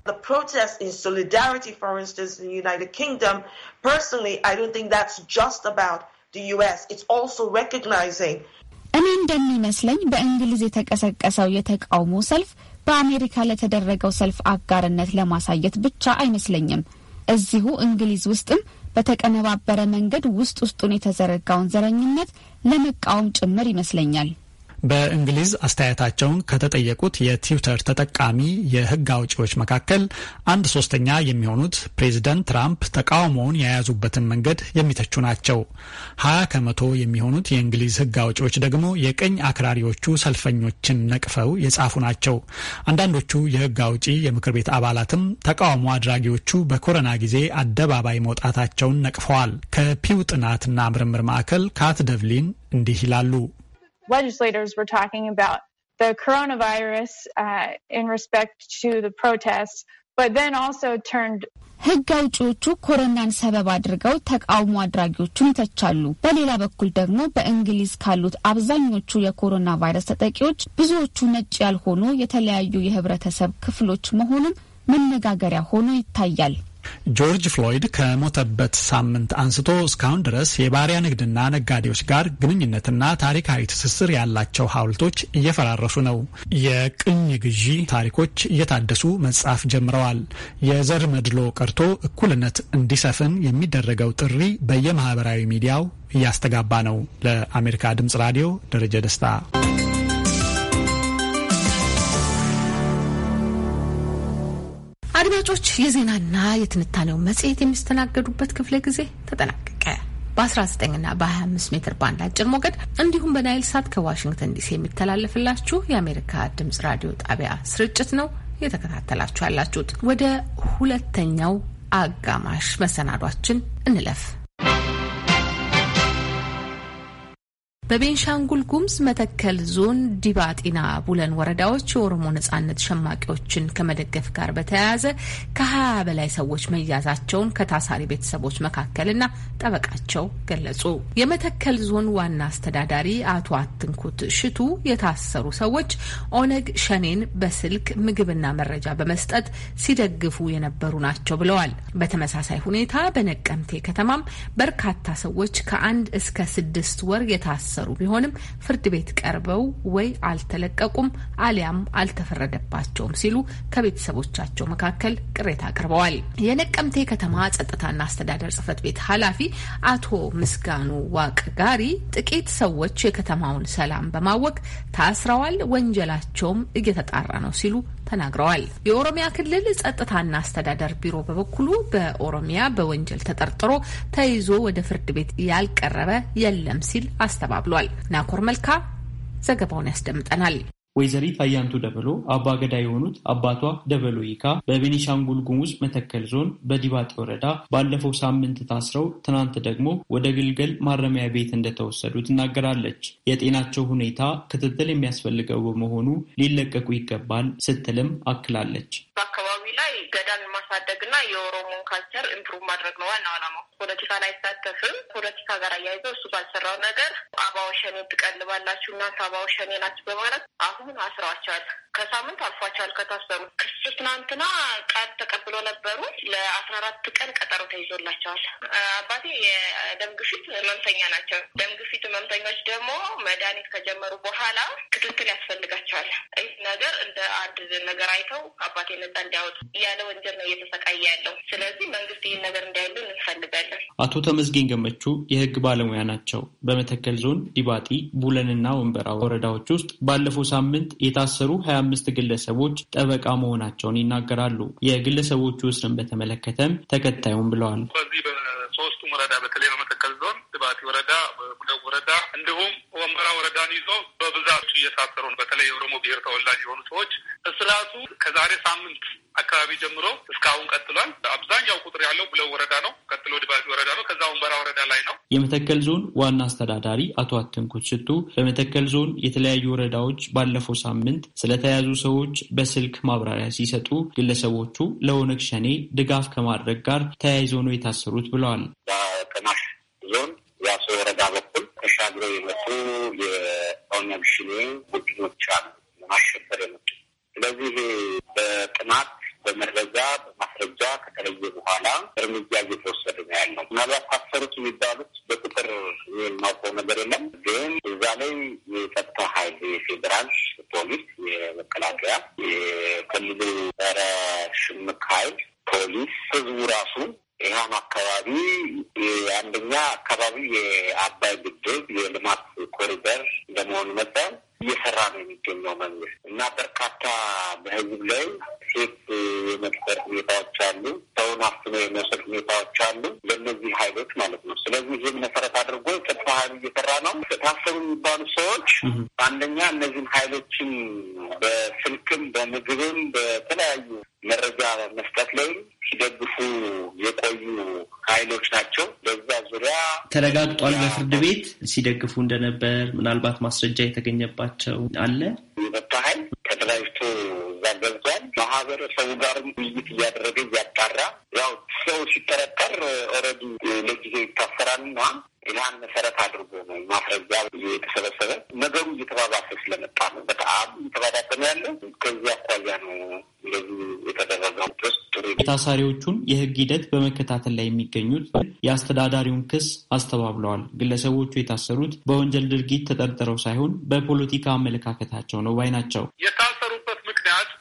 the protests in solidarity, for instance, in the United Kingdom, personally, I don't think that's just about the US. It's also recognizing እኔ እንደሚመስለኝ በእንግሊዝ የተቀሰቀሰው የተቃውሞ ሰልፍ በአሜሪካ ለተደረገው ሰልፍ አጋርነት ለማሳየት ብቻ አይመስለኝም። እዚሁ እንግሊዝ ውስጥም በተቀነባበረ መንገድ ውስጥ ውስጡን የተዘረጋውን ዘረኝነት ለመቃወም ጭምር ይመስለኛል። በእንግሊዝ አስተያየታቸውን ከተጠየቁት የትዊተር ተጠቃሚ የሕግ አውጪዎች መካከል አንድ ሶስተኛ የሚሆኑት ፕሬዚደንት ትራምፕ ተቃውሞውን የያዙበትን መንገድ የሚተቹ ናቸው። ሀያ ከመቶ የሚሆኑት የእንግሊዝ ሕግ አውጪዎች ደግሞ የቀኝ አክራሪዎቹ ሰልፈኞችን ነቅፈው የጻፉ ናቸው። አንዳንዶቹ የሕግ አውጪ የምክር ቤት አባላትም ተቃውሞ አድራጊዎቹ በኮረና ጊዜ አደባባይ መውጣታቸውን ነቅፈዋል። ከፒው ጥናትና ምርምር ማዕከል ካት ደቭሊን እንዲህ ይላሉ። legislators were talking about the coronavirus uh, in respect to the protests, but then also turned ሕግ አውጪዎቹ ኮረናን ሰበብ አድርገው ተቃውሞ አድራጊዎቹን ይተቻሉ። በሌላ በኩል ደግሞ በእንግሊዝ ካሉት አብዛኞቹ የኮሮና ቫይረስ ተጠቂዎች ብዙዎቹ ነጭ ያልሆኑ የተለያዩ የህብረተሰብ ክፍሎች መሆኑን መነጋገሪያ ሆኖ ይታያል። ጆርጅ ፍሎይድ ከሞተበት ሳምንት አንስቶ እስካሁን ድረስ የባሪያ ንግድና ነጋዴዎች ጋር ግንኙነትና ታሪካዊ ትስስር ያላቸው ሐውልቶች እየፈራረሱ ነው። የቅኝ ግዢ ታሪኮች እየታደሱ መጻፍ ጀምረዋል። የዘር መድሎ ቀርቶ እኩልነት እንዲሰፍን የሚደረገው ጥሪ በየማህበራዊ ሚዲያው እያስተጋባ ነው። ለአሜሪካ ድምጽ ራዲዮ ደረጀ ደስታ አድማጮች የዜናና የትንታኔው መጽሔት የሚስተናገዱበት ክፍለ ጊዜ ተጠናቀቀ። በ19ና በ25 ሜትር ባንድ አጭር ሞገድ እንዲሁም በናይል ሳት ከዋሽንግተን ዲሲ የሚተላለፍላችሁ የአሜሪካ ድምጽ ራዲዮ ጣቢያ ስርጭት ነው እየተከታተላችሁ ያላችሁት። ወደ ሁለተኛው አጋማሽ መሰናዷችን እንለፍ። በቤንሻንጉል ጉሙዝ መተከል ዞን ዲባጢና ቡለን ወረዳዎች የኦሮሞ ነጻነት ሸማቂዎችን ከመደገፍ ጋር በተያያዘ ከሀያ በላይ ሰዎች መያዛቸውን ከታሳሪ ቤተሰቦች መካከልና ጠበቃቸው ገለጹ። የመተከል ዞን ዋና አስተዳዳሪ አቶ አትንኩት ሽቱ የታሰሩ ሰዎች ኦነግ ሸኔን በስልክ ምግብና መረጃ በመስጠት ሲደግፉ የነበሩ ናቸው ብለዋል። በተመሳሳይ ሁኔታ በነቀምቴ ከተማም በርካታ ሰዎች ከአንድ እስከ ስድስት ወር የታ የታሰሩ ቢሆንም ፍርድ ቤት ቀርበው ወይ አልተለቀቁም አሊያም አልተፈረደባቸውም ሲሉ ከቤተሰቦቻቸው መካከል ቅሬታ አቅርበዋል። የነቀምቴ ከተማ ጸጥታና አስተዳደር ጽህፈት ቤት ኃላፊ አቶ ምስጋኑ ዋቅ ጋሪ ጥቂት ሰዎች የከተማውን ሰላም በማወቅ ታስረዋል፣ ወንጀላቸውም እየተጣራ ነው ሲሉ ተናግረዋል። የኦሮሚያ ክልል ጸጥታና አስተዳደር ቢሮ በበኩሉ በኦሮሚያ በወንጀል ተጠርጥሮ ተይዞ ወደ ፍርድ ቤት ያልቀረበ የለም ሲል አስተባብሏል። ናኮር መልካ ዘገባውን ያስደምጠናል። ወይዘሪት አያንቱ ደበሎ አባ ገዳ የሆኑት አባቷ ደበሎ ይካ በቤኒሻንጉል ጉሙዝ መተከል ዞን በዲባጤ ወረዳ ባለፈው ሳምንት ታስረው ትናንት ደግሞ ወደ ግልገል ማረሚያ ቤት እንደተወሰዱ ትናገራለች። የጤናቸው ሁኔታ ክትትል የሚያስፈልገው በመሆኑ ሊለቀቁ ይገባል ስትልም አክላለች። ገዳን ማሳደግና የኦሮሞን ካልቸር ኢምፕሩቭ ማድረግ ነው ዋና ዓላማው። ፖለቲካ ላይ አይሳተፍም። ፖለቲካ ጋር አያይዘው እሱ ባልሰራው ነገር አባወሸኔ ትቀልባላችሁ እናንተ አባወሸኔ ናችሁ በማለት አሁን አስረዋቸዋል። ከሳምንት አልፏቸዋል ከታሰሩ። ክስ ትናንትና ቃል ተቀብሎ ነበሩ። ለአስራ አራት ቀን ቀጠሮ ተይዞላቸዋል። አባቴ የደም ግፊት ህመምተኛ ናቸው። ደም ግፊት ህመምተኞች ደግሞ መድኃኒት ከጀመሩ በኋላ ክትትል ያስፈልጋቸዋል። ይህ ነገር እንደ አንድ ነገር አይተው አባቴ ነጻ እንዲያወጡ ያለ ወንጀል ነው እየተሰቃየ ያለው። ስለዚህ መንግስት ይህን ነገር እንዲያሉ እንፈልጋለን። አቶ ተመዝጌን ገመቹ የህግ ባለሙያ ናቸው። በመተከል ዞን ዲባጢ ቡለንና ወንበራ ወረዳዎች ውስጥ ባለፈው ሳምንት የታሰሩ ሀያ አምስት ግለሰቦች ጠበቃ መሆናቸውን ይናገራሉ። የግለሰቦቹ እስርን በተመለከተም ተከታዩም ብለዋል። በዚህ በሶስቱም ወረዳ በተለይ በመተከል ዞን ባቲ ወረዳ፣ ቡደው ወረዳ እንዲሁም ወንበራ ወረዳን ይዞ በብዛቱ እየታሰሩ ነው። በተለይ የኦሮሞ ብሔር ተወላጅ የሆኑ ሰዎች እስራቱ ከዛሬ ሳምንት አካባቢ ጀምሮ እስካሁን ቀጥሏል። አብዛኛው ቁጥር ያለው ቡለው ወረዳ ነው። ቀጥሎ ድባቲ ወረዳ ነው። ከዛ ወንበራ ወረዳ ላይ ነው። የመተከል ዞን ዋና አስተዳዳሪ አቶ አትንኩት ሽቱ በመተከል ዞን የተለያዩ ወረዳዎች ባለፈው ሳምንት ስለተያዙ ሰዎች በስልክ ማብራሪያ ሲሰጡ ግለሰቦቹ ለኦነግ ሸኔ ድጋፍ ከማድረግ ጋር ተያይዞ ነው የታሰሩት ብለዋል። ዞን ያሶ ወረዳ በኩል ተሻግረው የመጡ የኦነግ ሽኔ ቡድኖች አሉ ለማሸበር የመጡ ስለዚህ በጥናት በመረጃ በማስረጃ ከተለየ በኋላ እርምጃ እየተወሰደ ነው ያለው። ምናልባት ታሰሩት የሚባሉት በቁጥር የማውቀው ነገር የለም፣ ግን እዛ ላይ የጸጥታ ኃይል የፌዴራል ፖሊስ፣ የመከላከያ፣ የክልሉ ጸረ ሽምቅ ኃይል ፖሊስ፣ ህዝቡ ራሱ ይህም አካባቢ አንደኛ አካባቢው የአባይ ግድብ የልማት ኮሪደር እንደመሆኑ መጠን እየሰራ ነው የሚገኘው መንግስት እና በርካታ በህዝብ ላይ ሴት የመድፈር ሁኔታዎች አሉ። ሰውን አፍኖ የመውሰድ ሁኔታዎች አሉ። ለእነዚህ ሀይሎች ማለት ነው። ስለዚህ ይህም መሰረት አድርጎ የጸጥታ ሀይሉ እየሰራ ነው። ታሰሩ የሚባሉ ሰዎች አንደኛ እነዚህን ሀይሎችን በስልክም በምግብም በተለያዩ መረጃ መስጠት ላይ ሲደግፉ የቆዩ ሀይሎች ናቸው። ዙሪያ ተረጋግጧል። በፍርድ ቤት ሲደግፉ እንደነበር ምናልባት ማስረጃ የተገኘባቸው አለ። የመታ ኃይል ተደራጅቶ እዛ ገብቷል። ማህበረሰቡ ጋርም ውይይት እያደረገ እያጣራ ያው ሰው ሲጠረጠር ኦልሬዲ ለጊዜ ይታሰራል እና ኢላን መሰረት አድርጎ ነው ማስረጃ እየተሰበሰበ ነገሩ እየተባባሰ ስለመጣ ነው። በጣም እየተባባሰነ ነው ያለው። ከዚህ አኳያ ነው እንደዚህ የተደረገው። ታሳሪዎቹን የሕግ ሂደት በመከታተል ላይ የሚገኙት የአስተዳዳሪውን ክስ አስተባብለዋል። ግለሰቦቹ የታሰሩት በወንጀል ድርጊት ተጠርጥረው ሳይሆን በፖለቲካ አመለካከታቸው ነው ባይ ናቸው። የታ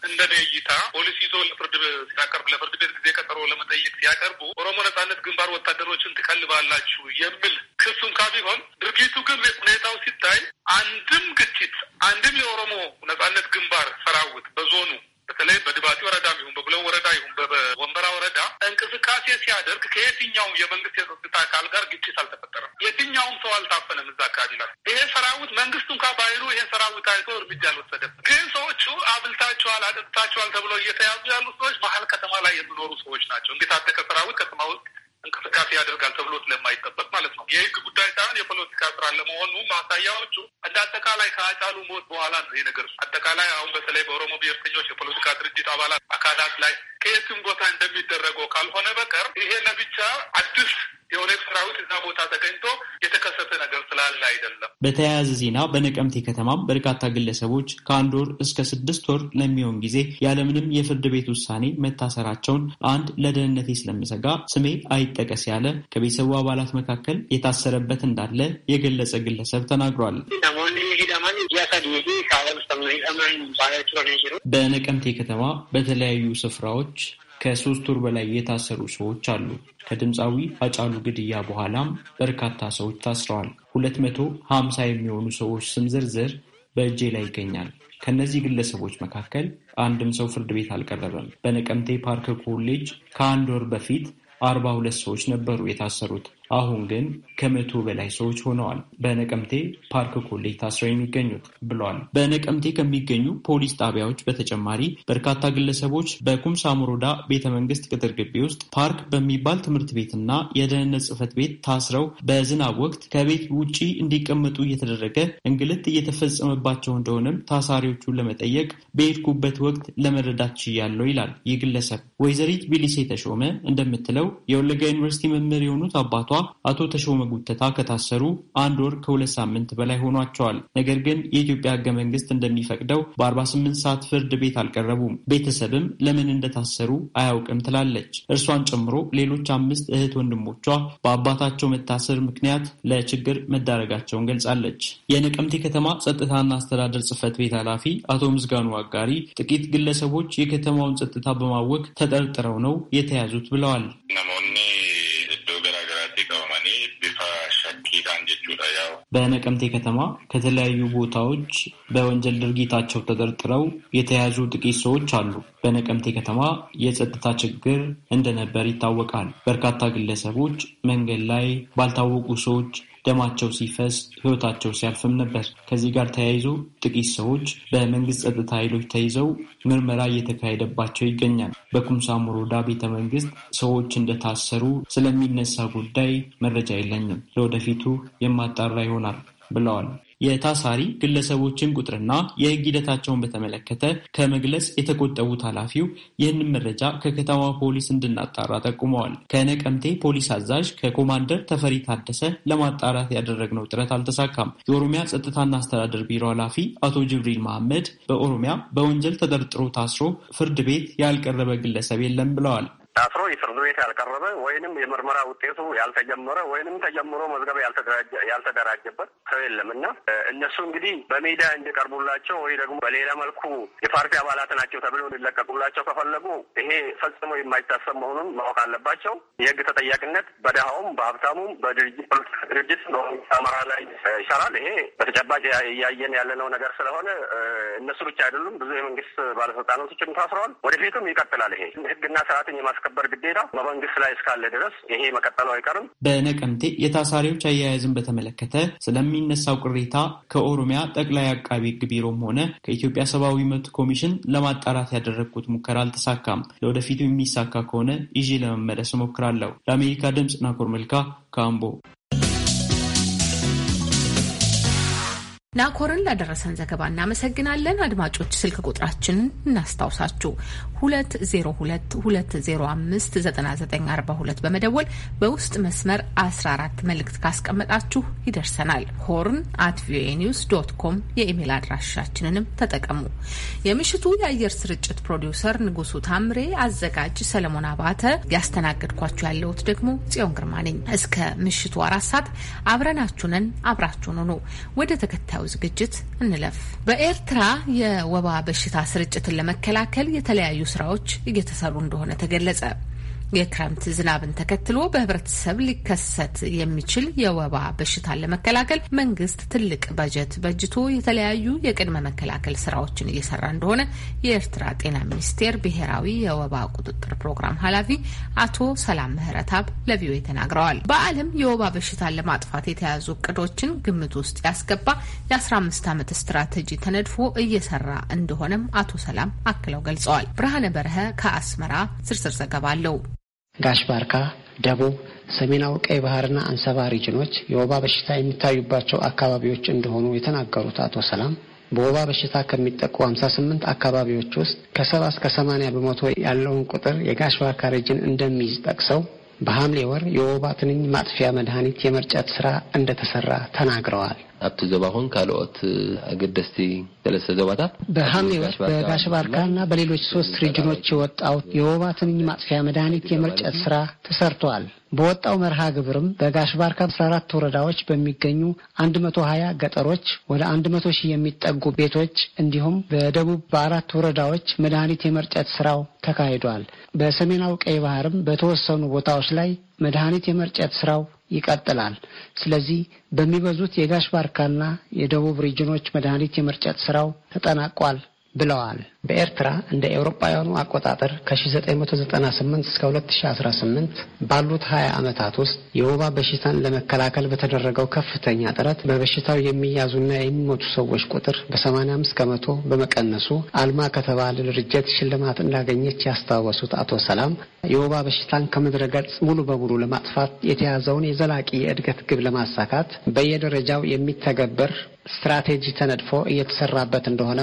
እንደ እይታ ፖሊስ ይዞ ለፍርድ ሲያቀርቡ ለፍርድ ቤት ጊዜ ቀጠሮ ለመጠየቅ ሲያቀርቡ ኦሮሞ ነጻነት ግንባር ወታደሮችን ትከልባላችሁ የሚል ክሱም ቢሆን ድርጊቱ ግን ሁኔታው ሲታይ አንድም ግጭት አንድም የኦሮሞ ነጻነት ግንባር ሰራዊት በዞኑ በተለይ በድባቲ ወረዳ ይሁን በቡሌ ወረዳ ይሁን በወንበራ ወረዳ እንቅስቃሴ ሲያደርግ ከየትኛውም የመንግስት የጸጥታ አካል ጋር ግጭት አልተፈጠረም። የትኛውም ሰው አልታፈነም። እዛ አካባቢ ላይ ይሄ ሰራዊት መንግስቱ እንኳ ባይሉ ይሄ ሰራዊት አይቶ እርምጃ አልወሰደም። ግን ሰዎቹ አብልታችኋል፣ አጠጥታችኋል ተብሎ እየተያዙ ያሉ ሰዎች መሀል ከተማ ላይ የሚኖሩ ሰዎች ናቸው። እንዲታጠቀ ሰራዊት ከተማ ውስጥ እንቅስቃሴ ያደርጋል ተብሎ ስለማይጠበቅ ማለት ነው። የህግ ጉዳይ ሳይሆን የፖለቲካ ስራ ለመሆኑ ማሳያዎቹ እንደ አጠቃላይ ከአጫሉ ሞት በኋላ ነው ይህ ነገር አጠቃላይ አሁን በተለይ በኦሮሞ ብሔርተኞች ድርጅት አባላት አካላት ላይ የትም ቦታ እንደሚደረገው ካልሆነ በቀር ይሄ ለብቻ አዲስ የኦነግ ሰራዊት እዛ ቦታ ተገኝቶ የተከሰተ ነገር ስላለ አይደለም። በተያያዘ ዜና በነቀምቴ ከተማም በርካታ ግለሰቦች ከአንድ ወር እስከ ስድስት ወር ለሚሆን ጊዜ ያለምንም የፍርድ ቤት ውሳኔ መታሰራቸውን አንድ ለደህንነቴ ስለምሰጋ ስሜ አይጠቀስ ያለ ከቤተሰቡ አባላት መካከል የታሰረበት እንዳለ የገለጸ ግለሰብ ተናግሯል። በነቀምቴ ከተማ በተለያዩ ስፍራዎች ከሦስት ወር በላይ የታሰሩ ሰዎች አሉ። ከድምፃዊ አጫሉ ግድያ በኋላም በርካታ ሰዎች ታስረዋል። ሁለት መቶ ሀምሳ የሚሆኑ ሰዎች ስም ዝርዝር በእጄ ላይ ይገኛል። ከእነዚህ ግለሰቦች መካከል አንድም ሰው ፍርድ ቤት አልቀረበም። በነቀምቴ ፓርክ ኮሌጅ ከአንድ ወር በፊት አርባ ሁለት ሰዎች ነበሩ የታሰሩት። አሁን ግን ከመቶ በላይ ሰዎች ሆነዋል በነቀምቴ ፓርክ ኮሌጅ ታስረው የሚገኙት ብሏል። በነቀምቴ ከሚገኙ ፖሊስ ጣቢያዎች በተጨማሪ በርካታ ግለሰቦች በኩምሳ ሞሮዳ ቤተ መንግስት ቅጥር ግቢ ውስጥ ፓርክ በሚባል ትምህርት ቤትና የደህንነት ጽህፈት ቤት ታስረው በዝናብ ወቅት ከቤት ውጪ እንዲቀመጡ እየተደረገ እንግልት እየተፈጸመባቸው እንደሆነም ታሳሪዎቹን ለመጠየቅ በሄድኩበት ወቅት ለመረዳት ችያለው ይላል ይህ ግለሰብ። ወይዘሪት ቢሊሴ ተሾመ እንደምትለው የወለጋ ዩኒቨርሲቲ መምህር የሆኑት አባቷ አቶ ተሾመ ጉተታ ከታሰሩ አንድ ወር ከሁለት ሳምንት በላይ ሆኗቸዋል። ነገር ግን የኢትዮጵያ ህገ መንግስት እንደሚፈቅደው በ48 ሰዓት ፍርድ ቤት አልቀረቡም። ቤተሰብም ለምን እንደታሰሩ አያውቅም ትላለች። እርሷን ጨምሮ ሌሎች አምስት እህት ወንድሞቿ በአባታቸው መታሰር ምክንያት ለችግር መዳረጋቸውን ገልጻለች። የነቀምቴ ከተማ ጸጥታና አስተዳደር ጽህፈት ቤት ኃላፊ አቶ ምዝጋኑ አጋሪ ጥቂት ግለሰቦች የከተማውን ጸጥታ በማወክ ተጠርጥረው ነው የተያዙት ብለዋል። በነቀምቴ ከተማ ከተለያዩ ቦታዎች በወንጀል ድርጊታቸው ተጠርጥረው የተያዙ ጥቂት ሰዎች አሉ። በነቀምቴ ከተማ የጸጥታ ችግር እንደነበር ይታወቃል። በርካታ ግለሰቦች መንገድ ላይ ባልታወቁ ሰዎች ደማቸው ሲፈስ ህይወታቸው ሲያልፍም ነበር። ከዚህ ጋር ተያይዞ ጥቂት ሰዎች በመንግስት ጸጥታ ኃይሎች ተይዘው ምርመራ እየተካሄደባቸው ይገኛል። በኩምሳ ሞሮዳ ቤተ መንግስት ሰዎች እንደታሰሩ ስለሚነሳ ጉዳይ መረጃ የለኝም፣ ለወደፊቱ የማጣራ ይሆናል ብለዋል። የታሳሪ ግለሰቦችን ቁጥርና የህግ ሂደታቸውን በተመለከተ ከመግለጽ የተቆጠቡት ኃላፊው ይህንን መረጃ ከከተማ ፖሊስ እንድናጣራ ጠቁመዋል። ከነቀምቴ ፖሊስ አዛዥ ከኮማንደር ተፈሪ ታደሰ ለማጣራት ያደረግነው ጥረት አልተሳካም። የኦሮሚያ ጸጥታና አስተዳደር ቢሮ ኃላፊ አቶ ጅብሪል መሐመድ በኦሮሚያ በወንጀል ተጠርጥሮ ታስሮ ፍርድ ቤት ያልቀረበ ግለሰብ የለም ብለዋል። ታስሮ የፍርድ ቤት ያልቀረበ ወይንም የምርመራ ውጤቱ ያልተጀመረ ወይንም ተጀምሮ መዝገብ ያልተደራጀበት ሰው የለም እና እነሱ እንግዲህ በሜዳ እንዲቀርቡላቸው ወይ ደግሞ በሌላ መልኩ የፓርቲ አባላት ናቸው ተብለው እንዲለቀቁላቸው ከፈለጉ ይሄ ፈጽሞ የማይታሰብ መሆኑን ማወቅ አለባቸው። የህግ ተጠያቂነት በደሃውም በሀብታሙም በድርጅት አመራ ላይ ይሰራል። ይሄ በተጨባጭ እያየን ያለነው ነገር ስለሆነ እነሱ ብቻ አይደሉም፣ ብዙ የመንግስት ባለስልጣኖችም ታስረዋል። ወደፊቱም ይቀጥላል። ይሄ ህግና ስርዓትን የማስ የማስከበር ግዴታ በመንግስት ላይ እስካለ ድረስ ይሄ መቀጠሉ አይቀርም። በነቀምቴ የታሳሪዎች አያያዝን በተመለከተ ስለሚነሳው ቅሬታ ከኦሮሚያ ጠቅላይ አቃቢ ህግ ቢሮም ሆነ ከኢትዮጵያ ሰብአዊ መብት ኮሚሽን ለማጣራት ያደረግኩት ሙከራ አልተሳካም። ለወደፊቱ የሚሳካ ከሆነ ይዤ ለመመለስ እሞክራለሁ። ለአሜሪካ ድምፅ ናኮር መልካ ካምቦ ናኮርን ላደረሰን ዘገባ እናመሰግናለን። አድማጮች ስልክ ቁጥራችንን እናስታውሳችሁ፣ 2022059942 በመደወል በውስጥ መስመር 14 መልእክት ካስቀመጣችሁ ይደርሰናል። ሆርን አት ቪኦኤ ኒውስ ዶት ኮም የኢሜል አድራሻችንንም ተጠቀሙ። የምሽቱ የአየር ስርጭት ፕሮዲውሰር ንጉሱ ታምሬ፣ አዘጋጅ ሰለሞን አባተ፣ ያስተናገድኳችሁ ያለሁት ደግሞ ጽዮን ግርማ ነኝ። እስከ ምሽቱ አራት ሰዓት አብረናችሁንን አብራችሁን ሆኑ ወደ ተከታዩ ወቅታዊ ዝግጅት እንለፍ። በኤርትራ የወባ በሽታ ስርጭትን ለመከላከል የተለያዩ ስራዎች እየተሰሩ እንደሆነ ተገለጸ። የክረምት ዝናብን ተከትሎ በህብረተሰብ ሊከሰት የሚችል የወባ በሽታን ለመከላከል መንግስት ትልቅ በጀት በጅቶ የተለያዩ የቅድመ መከላከል ስራዎችን እየሰራ እንደሆነ የኤርትራ ጤና ሚኒስቴር ብሔራዊ የወባ ቁጥጥር ፕሮግራም ኃላፊ አቶ ሰላም ምህረታብ ለቪኦኤ ተናግረዋል። በዓለም የወባ በሽታን ለማጥፋት የተያዙ እቅዶችን ግምት ውስጥ ያስገባ የ15 ዓመት ስትራቴጂ ተነድፎ እየሰራ እንደሆነም አቶ ሰላም አክለው ገልጸዋል። ብርሃነ በረሀ ከአስመራ ዝርዝር ዘገባ አለው። ጋሽ ባርካ፣ ደቡብ፣ ሰሜናዊ ቀይ ባህርና አንሰባ ሪጅኖች የወባ በሽታ የሚታዩባቸው አካባቢዎች እንደሆኑ የተናገሩት አቶ ሰላም በወባ በሽታ ከሚጠቁ 58 አካባቢዎች ውስጥ ከሰባ እስከ 80 በመቶ ያለውን ቁጥር የጋሽ ባርካ ሪጅን እንደሚይዝ ጠቅሰው በሐምሌ ወር የወባ ትንኝ ማጥፊያ መድኃኒት የመርጨት ስራ እንደተሰራ ተናግረዋል። ኣብቲ ዞባ ኹን ካልኦት ኣገደስቲ ሰለስተ ዞባታት በሃምኔወት በባሽባርካና በሌሎች ሶስት ሪጅኖች የወጣው የወባ ትንኝ ማጥፊያ መድኃኒት የመርጨት ስራ ተሰርተዋል። በወጣው መርሃ ግብርም በጋሽባርካ 14 ወረዳዎች በሚገኙ 120 ገጠሮች ወደ 100 ሺህ የሚጠጉ ቤቶች እንዲሁም በደቡብ በአራት ወረዳዎች መድኃኒት የመርጨት ስራው ተካሂዷል። በሰሜናዊ ቀይ ባህርም በተወሰኑ ቦታዎች ላይ መድኃኒት የመርጨት ስራው ይቀጥላል። ስለዚህ በሚበዙት የጋሽ ባርካና የደቡብ ሪጅኖች መድኃኒት የመርጨት ስራው ተጠናቋል ብለዋል። በኤርትራ እንደ ኤውሮጳውያኑ አቆጣጠር ከ1998 እስከ 2018 ባሉት 20 ዓመታት ውስጥ የወባ በሽታን ለመከላከል በተደረገው ከፍተኛ ጥረት በበሽታው የሚያዙና የሚሞቱ ሰዎች ቁጥር በ85 ከመቶ በመቀነሱ አልማ ከተባለ ድርጅት ሽልማት እንዳገኘች ያስታወሱት አቶ ሰላም የወባ በሽታን ከምድረ ገጽ ሙሉ በሙሉ ለማጥፋት የተያዘውን የዘላቂ የእድገት ግብ ለማሳካት በየደረጃው የሚተገበር ስትራቴጂ ተነድፎ እየተሰራበት እንደሆነ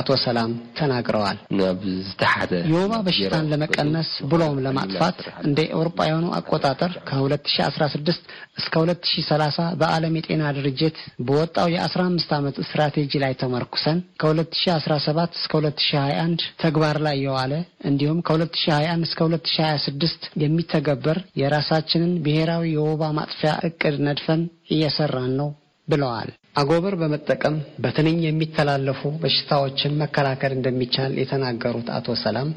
አቶ ሰላም ተናግረዋል። ተናግረዋል። የወባ በሽታን ለመቀነስ ብሎም ለማጥፋት እንደ ኤውሮጳውያኑ አቆጣጠር ከ2016 እስከ 2030 በዓለም የጤና ድርጅት በወጣው የ15 ዓመት ስትራቴጂ ላይ ተመርኩሰን ከ2017 እስከ 2021 ተግባር ላይ የዋለ እንዲሁም ከ2021 እስከ 2026 የሚተገበር የራሳችንን ብሔራዊ የወባ ማጥፊያ እቅድ ነድፈን እየሰራን ነው ብለዋል። አጎበር በመጠቀም በትንኝ የሚተላለፉ በሽታዎችን መከላከል እንደሚቻል የተናገሩት አቶ ሰላም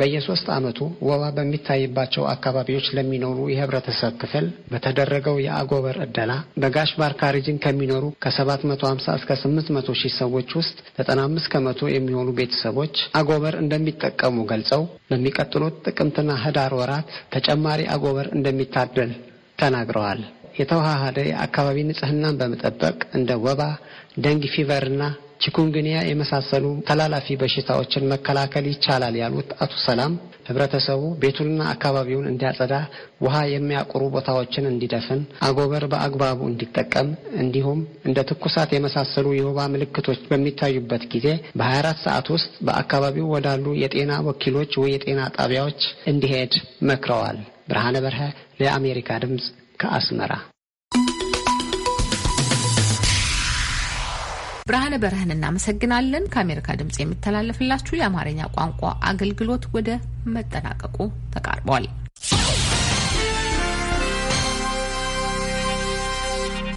በየሶስት ዓመቱ ወባ በሚታይባቸው አካባቢዎች ለሚኖሩ የህብረተሰብ ክፍል በተደረገው የአጎበር እደላ በጋሽ ባርካ ሪጅን ከሚኖሩ ከ750 እስከ 800 ሺህ ሰዎች ውስጥ 95 ከመቶ የሚሆኑ ቤተሰቦች አጎበር እንደሚጠቀሙ ገልጸው ለሚቀጥሉት ጥቅምትና ህዳር ወራት ተጨማሪ አጎበር እንደሚታደል ተናግረዋል። የተዋሃደ የአካባቢ ንጽህናን በመጠበቅ እንደ ወባ፣ ደንግ ፊቨርና ቺኩንግንያ የመሳሰሉ ተላላፊ በሽታዎችን መከላከል ይቻላል ያሉት አቶ ሰላም ህብረተሰቡ ቤቱንና አካባቢውን እንዲያጸዳ፣ ውሃ የሚያቁሩ ቦታዎችን እንዲደፍን፣ አጎበር በአግባቡ እንዲጠቀም እንዲሁም እንደ ትኩሳት የመሳሰሉ የወባ ምልክቶች በሚታዩበት ጊዜ በ24 ሰዓት ውስጥ በአካባቢው ወዳሉ የጤና ወኪሎች ወይ የጤና ጣቢያዎች እንዲሄድ መክረዋል። ብርሃነ በርሀ ለአሜሪካ ድምፅ ከአስመራ ብርሃነ በርህን እናመሰግናለን። ከአሜሪካ ድምጽ የሚተላለፍላችሁ የአማርኛ ቋንቋ አገልግሎት ወደ መጠናቀቁ ተቃርቧል።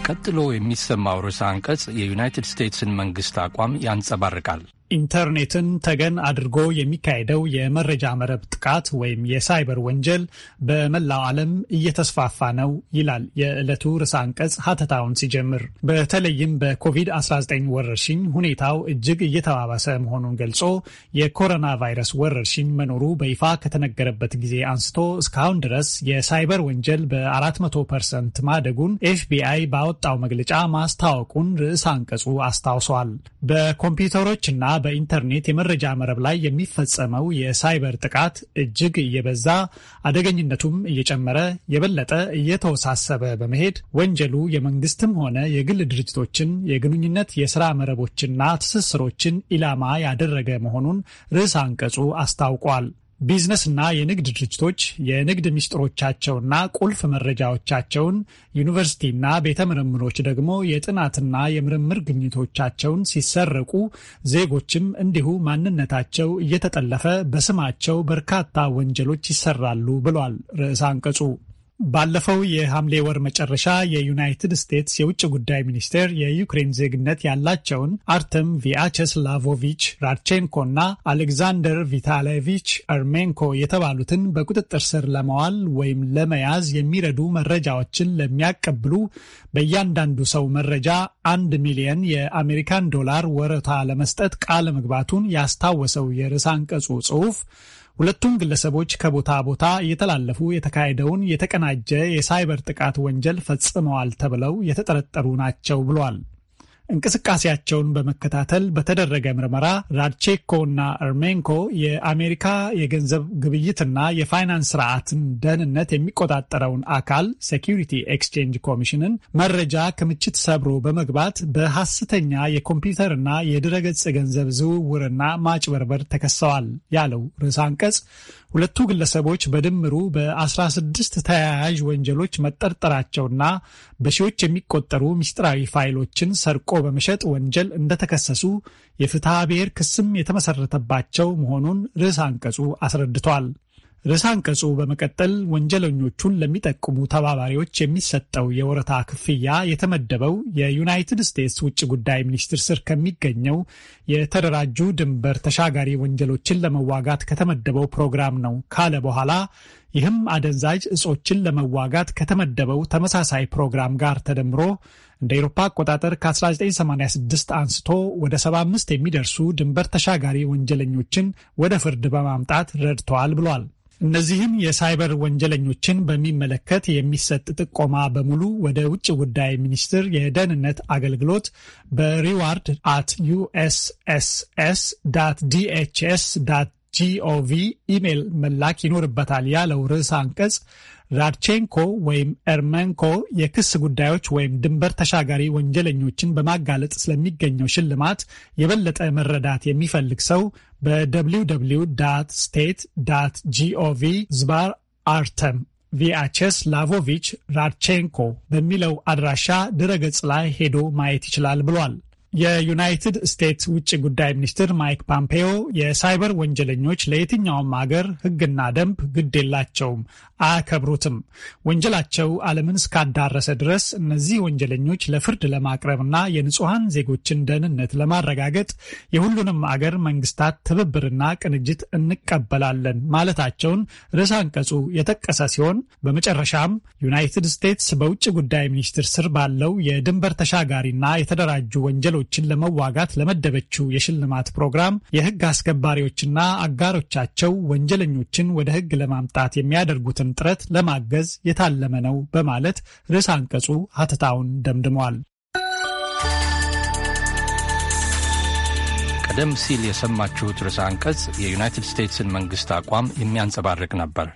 ቀጥሎ የሚሰማው ርዕሰ አንቀጽ የዩናይትድ ስቴትስን መንግስት አቋም ያንጸባርቃል። ኢንተርኔትን ተገን አድርጎ የሚካሄደው የመረጃ መረብ ጥቃት ወይም የሳይበር ወንጀል በመላው ዓለም እየተስፋፋ ነው ይላል የዕለቱ ርዕሰ አንቀጽ ሀተታውን ሲጀምር። በተለይም በኮቪድ-19 ወረርሽኝ ሁኔታው እጅግ እየተባባሰ መሆኑን ገልጾ የኮሮና ቫይረስ ወረርሽኝ መኖሩ በይፋ ከተነገረበት ጊዜ አንስቶ እስካሁን ድረስ የሳይበር ወንጀል በ400 ፐርሰንት ማደጉን ኤፍቢአይ ባወጣው መግለጫ ማስታወቁን ርዕሰ አንቀጹ አስታውሷል። በኮምፒውተሮችና በኢንተርኔት የመረጃ መረብ ላይ የሚፈጸመው የሳይበር ጥቃት እጅግ እየበዛ አደገኝነቱም እየጨመረ የበለጠ እየተወሳሰበ በመሄድ ወንጀሉ የመንግስትም ሆነ የግል ድርጅቶችን የግንኙነት የስራ መረቦችና ትስስሮችን ኢላማ ያደረገ መሆኑን ርዕስ አንቀጹ አስታውቋል። ቢዝነስና የንግድ ድርጅቶች የንግድ ሚስጥሮቻቸውና ቁልፍ መረጃዎቻቸውን፣ ዩኒቨርሲቲና ቤተ ምርምሮች ደግሞ የጥናትና የምርምር ግኝቶቻቸውን ሲሰረቁ፣ ዜጎችም እንዲሁ ማንነታቸው እየተጠለፈ በስማቸው በርካታ ወንጀሎች ይሰራሉ ብሏል ርዕሰ አንቀጹ። ባለፈው የሐምሌ ወር መጨረሻ የዩናይትድ ስቴትስ የውጭ ጉዳይ ሚኒስቴር የዩክሬን ዜግነት ያላቸውን አርተም ራድቼንኮ ራድቼንኮና አሌክዛንደር ቪታሌቪች አርሜንኮ የተባሉትን በቁጥጥር ስር ለማዋል ወይም ለመያዝ የሚረዱ መረጃዎችን ለሚያቀብሉ በእያንዳንዱ ሰው መረጃ አንድ ሚሊየን የአሜሪካን ዶላር ወረታ ለመስጠት ቃለ መግባቱን ያስታወሰው የርዕሰ አንቀጹ ጽሑፍ ሁለቱም ግለሰቦች ከቦታ ቦታ እየተላለፉ የተካሄደውን የተቀናጀ የሳይበር ጥቃት ወንጀል ፈጽመዋል ተብለው የተጠረጠሩ ናቸው ብሏል። እንቅስቃሴያቸውን በመከታተል በተደረገ ምርመራ ራድቼኮ እና እርሜንኮ የአሜሪካ የገንዘብ ግብይትና የፋይናንስ ስርዓትን ደህንነት የሚቆጣጠረውን አካል ሴኪሪቲ ኤክስቼንጅ ኮሚሽንን መረጃ ክምችት ሰብሮ በመግባት በሐሰተኛ የኮምፒውተርና የድረገጽ ገንዘብ ዝውውርና ማጭበርበር ተከሰዋል ያለው ርዕሰ አንቀጽ ሁለቱ ግለሰቦች በድምሩ በ16 ተያያዥ ወንጀሎች መጠርጠራቸውና በሺዎች የሚቆጠሩ ምስጢራዊ ፋይሎችን ሰርቆ በመሸጥ ወንጀል እንደተከሰሱ የፍትሐ ብሔር ክስም የተመሰረተባቸው መሆኑን ርዕስ አንቀጹ አስረድቷል። ርዕሰ አንቀጹ በመቀጠል ወንጀለኞቹን ለሚጠቁሙ ተባባሪዎች የሚሰጠው የወረታ ክፍያ የተመደበው የዩናይትድ ስቴትስ ውጭ ጉዳይ ሚኒስትር ስር ከሚገኘው የተደራጁ ድንበር ተሻጋሪ ወንጀሎችን ለመዋጋት ከተመደበው ፕሮግራም ነው ካለ በኋላ ይህም አደንዛዥ እጾችን ለመዋጋት ከተመደበው ተመሳሳይ ፕሮግራም ጋር ተደምሮ እንደ ኤሮፓ አቆጣጠር ከ1986 አንስቶ ወደ 75 የሚደርሱ ድንበር ተሻጋሪ ወንጀለኞችን ወደ ፍርድ በማምጣት ረድተዋል ብሏል። እነዚህም የሳይበር ወንጀለኞችን በሚመለከት የሚሰጥ ጥቆማ በሙሉ ወደ ውጭ ጉዳይ ሚኒስቴር የደህንነት አገልግሎት በሪዋርድ አት ዩኤስኤስኤስ ዳት ዲኤችኤስ ዳት ጂኦቪ ኢሜይል መላክ ይኖርበታል ያለው ርዕሰ አንቀጽ ራድቼንኮ ወይም ኤርሜንኮ የክስ ጉዳዮች ወይም ድንበር ተሻጋሪ ወንጀለኞችን በማጋለጥ ስለሚገኘው ሽልማት የበለጠ መረዳት የሚፈልግ ሰው በwww ስቴት ዳት ዝባር አርተም ቪአቸስ ላቮቪች ራድቼንኮ በሚለው አድራሻ ድረገጽ ላይ ሄዶ ማየት ይችላል ብሏል። የዩናይትድ ስቴትስ ውጭ ጉዳይ ሚኒስትር ማይክ ፓምፔዮ የሳይበር ወንጀለኞች ለየትኛውም አገር ሕግና ደንብ ግድ የላቸውም፣ አያከብሩትም። ወንጀላቸው ዓለምን እስካዳረሰ ድረስ እነዚህ ወንጀለኞች ለፍርድ ለማቅረብና የንጹሐን ዜጎችን ደህንነት ለማረጋገጥ የሁሉንም አገር መንግስታት ትብብርና ቅንጅት እንቀበላለን ማለታቸውን ርዕሰ አንቀጹ የጠቀሰ ሲሆን በመጨረሻም ዩናይትድ ስቴትስ በውጭ ጉዳይ ሚኒስትር ስር ባለው የድንበር ተሻጋሪና የተደራጁ ወንጀሎች ወንጀለኞችን ለመዋጋት ለመደበችው የሽልማት ፕሮግራም የህግ አስከባሪዎችና አጋሮቻቸው ወንጀለኞችን ወደ ህግ ለማምጣት የሚያደርጉትን ጥረት ለማገዝ የታለመ ነው በማለት ርዕስ አንቀጹ ሀተታውን ደምድሟል። ቀደም ሲል የሰማችሁት ርዕሰ አንቀጽ የዩናይትድ ስቴትስን መንግሥት አቋም የሚያንጸባርቅ ነበር።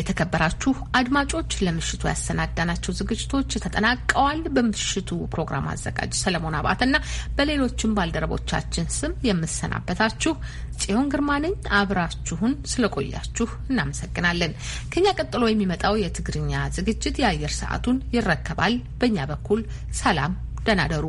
የተከበራችሁ አድማጮች ለምሽቱ ያሰናዳናቸው ዝግጅቶች ተጠናቀዋል። በምሽቱ ፕሮግራም አዘጋጅ ሰለሞን አባትና በሌሎችም ባልደረቦቻችን ስም የምሰናበታችሁ ጽዮን ግርማ ነኝ። አብራችሁን ስለቆያችሁ እናመሰግናለን። ከኛ ቀጥሎ የሚመጣው የትግርኛ ዝግጅት የአየር ሰዓቱን ይረከባል። በእኛ በኩል ሰላም፣ ደህና ደሩ።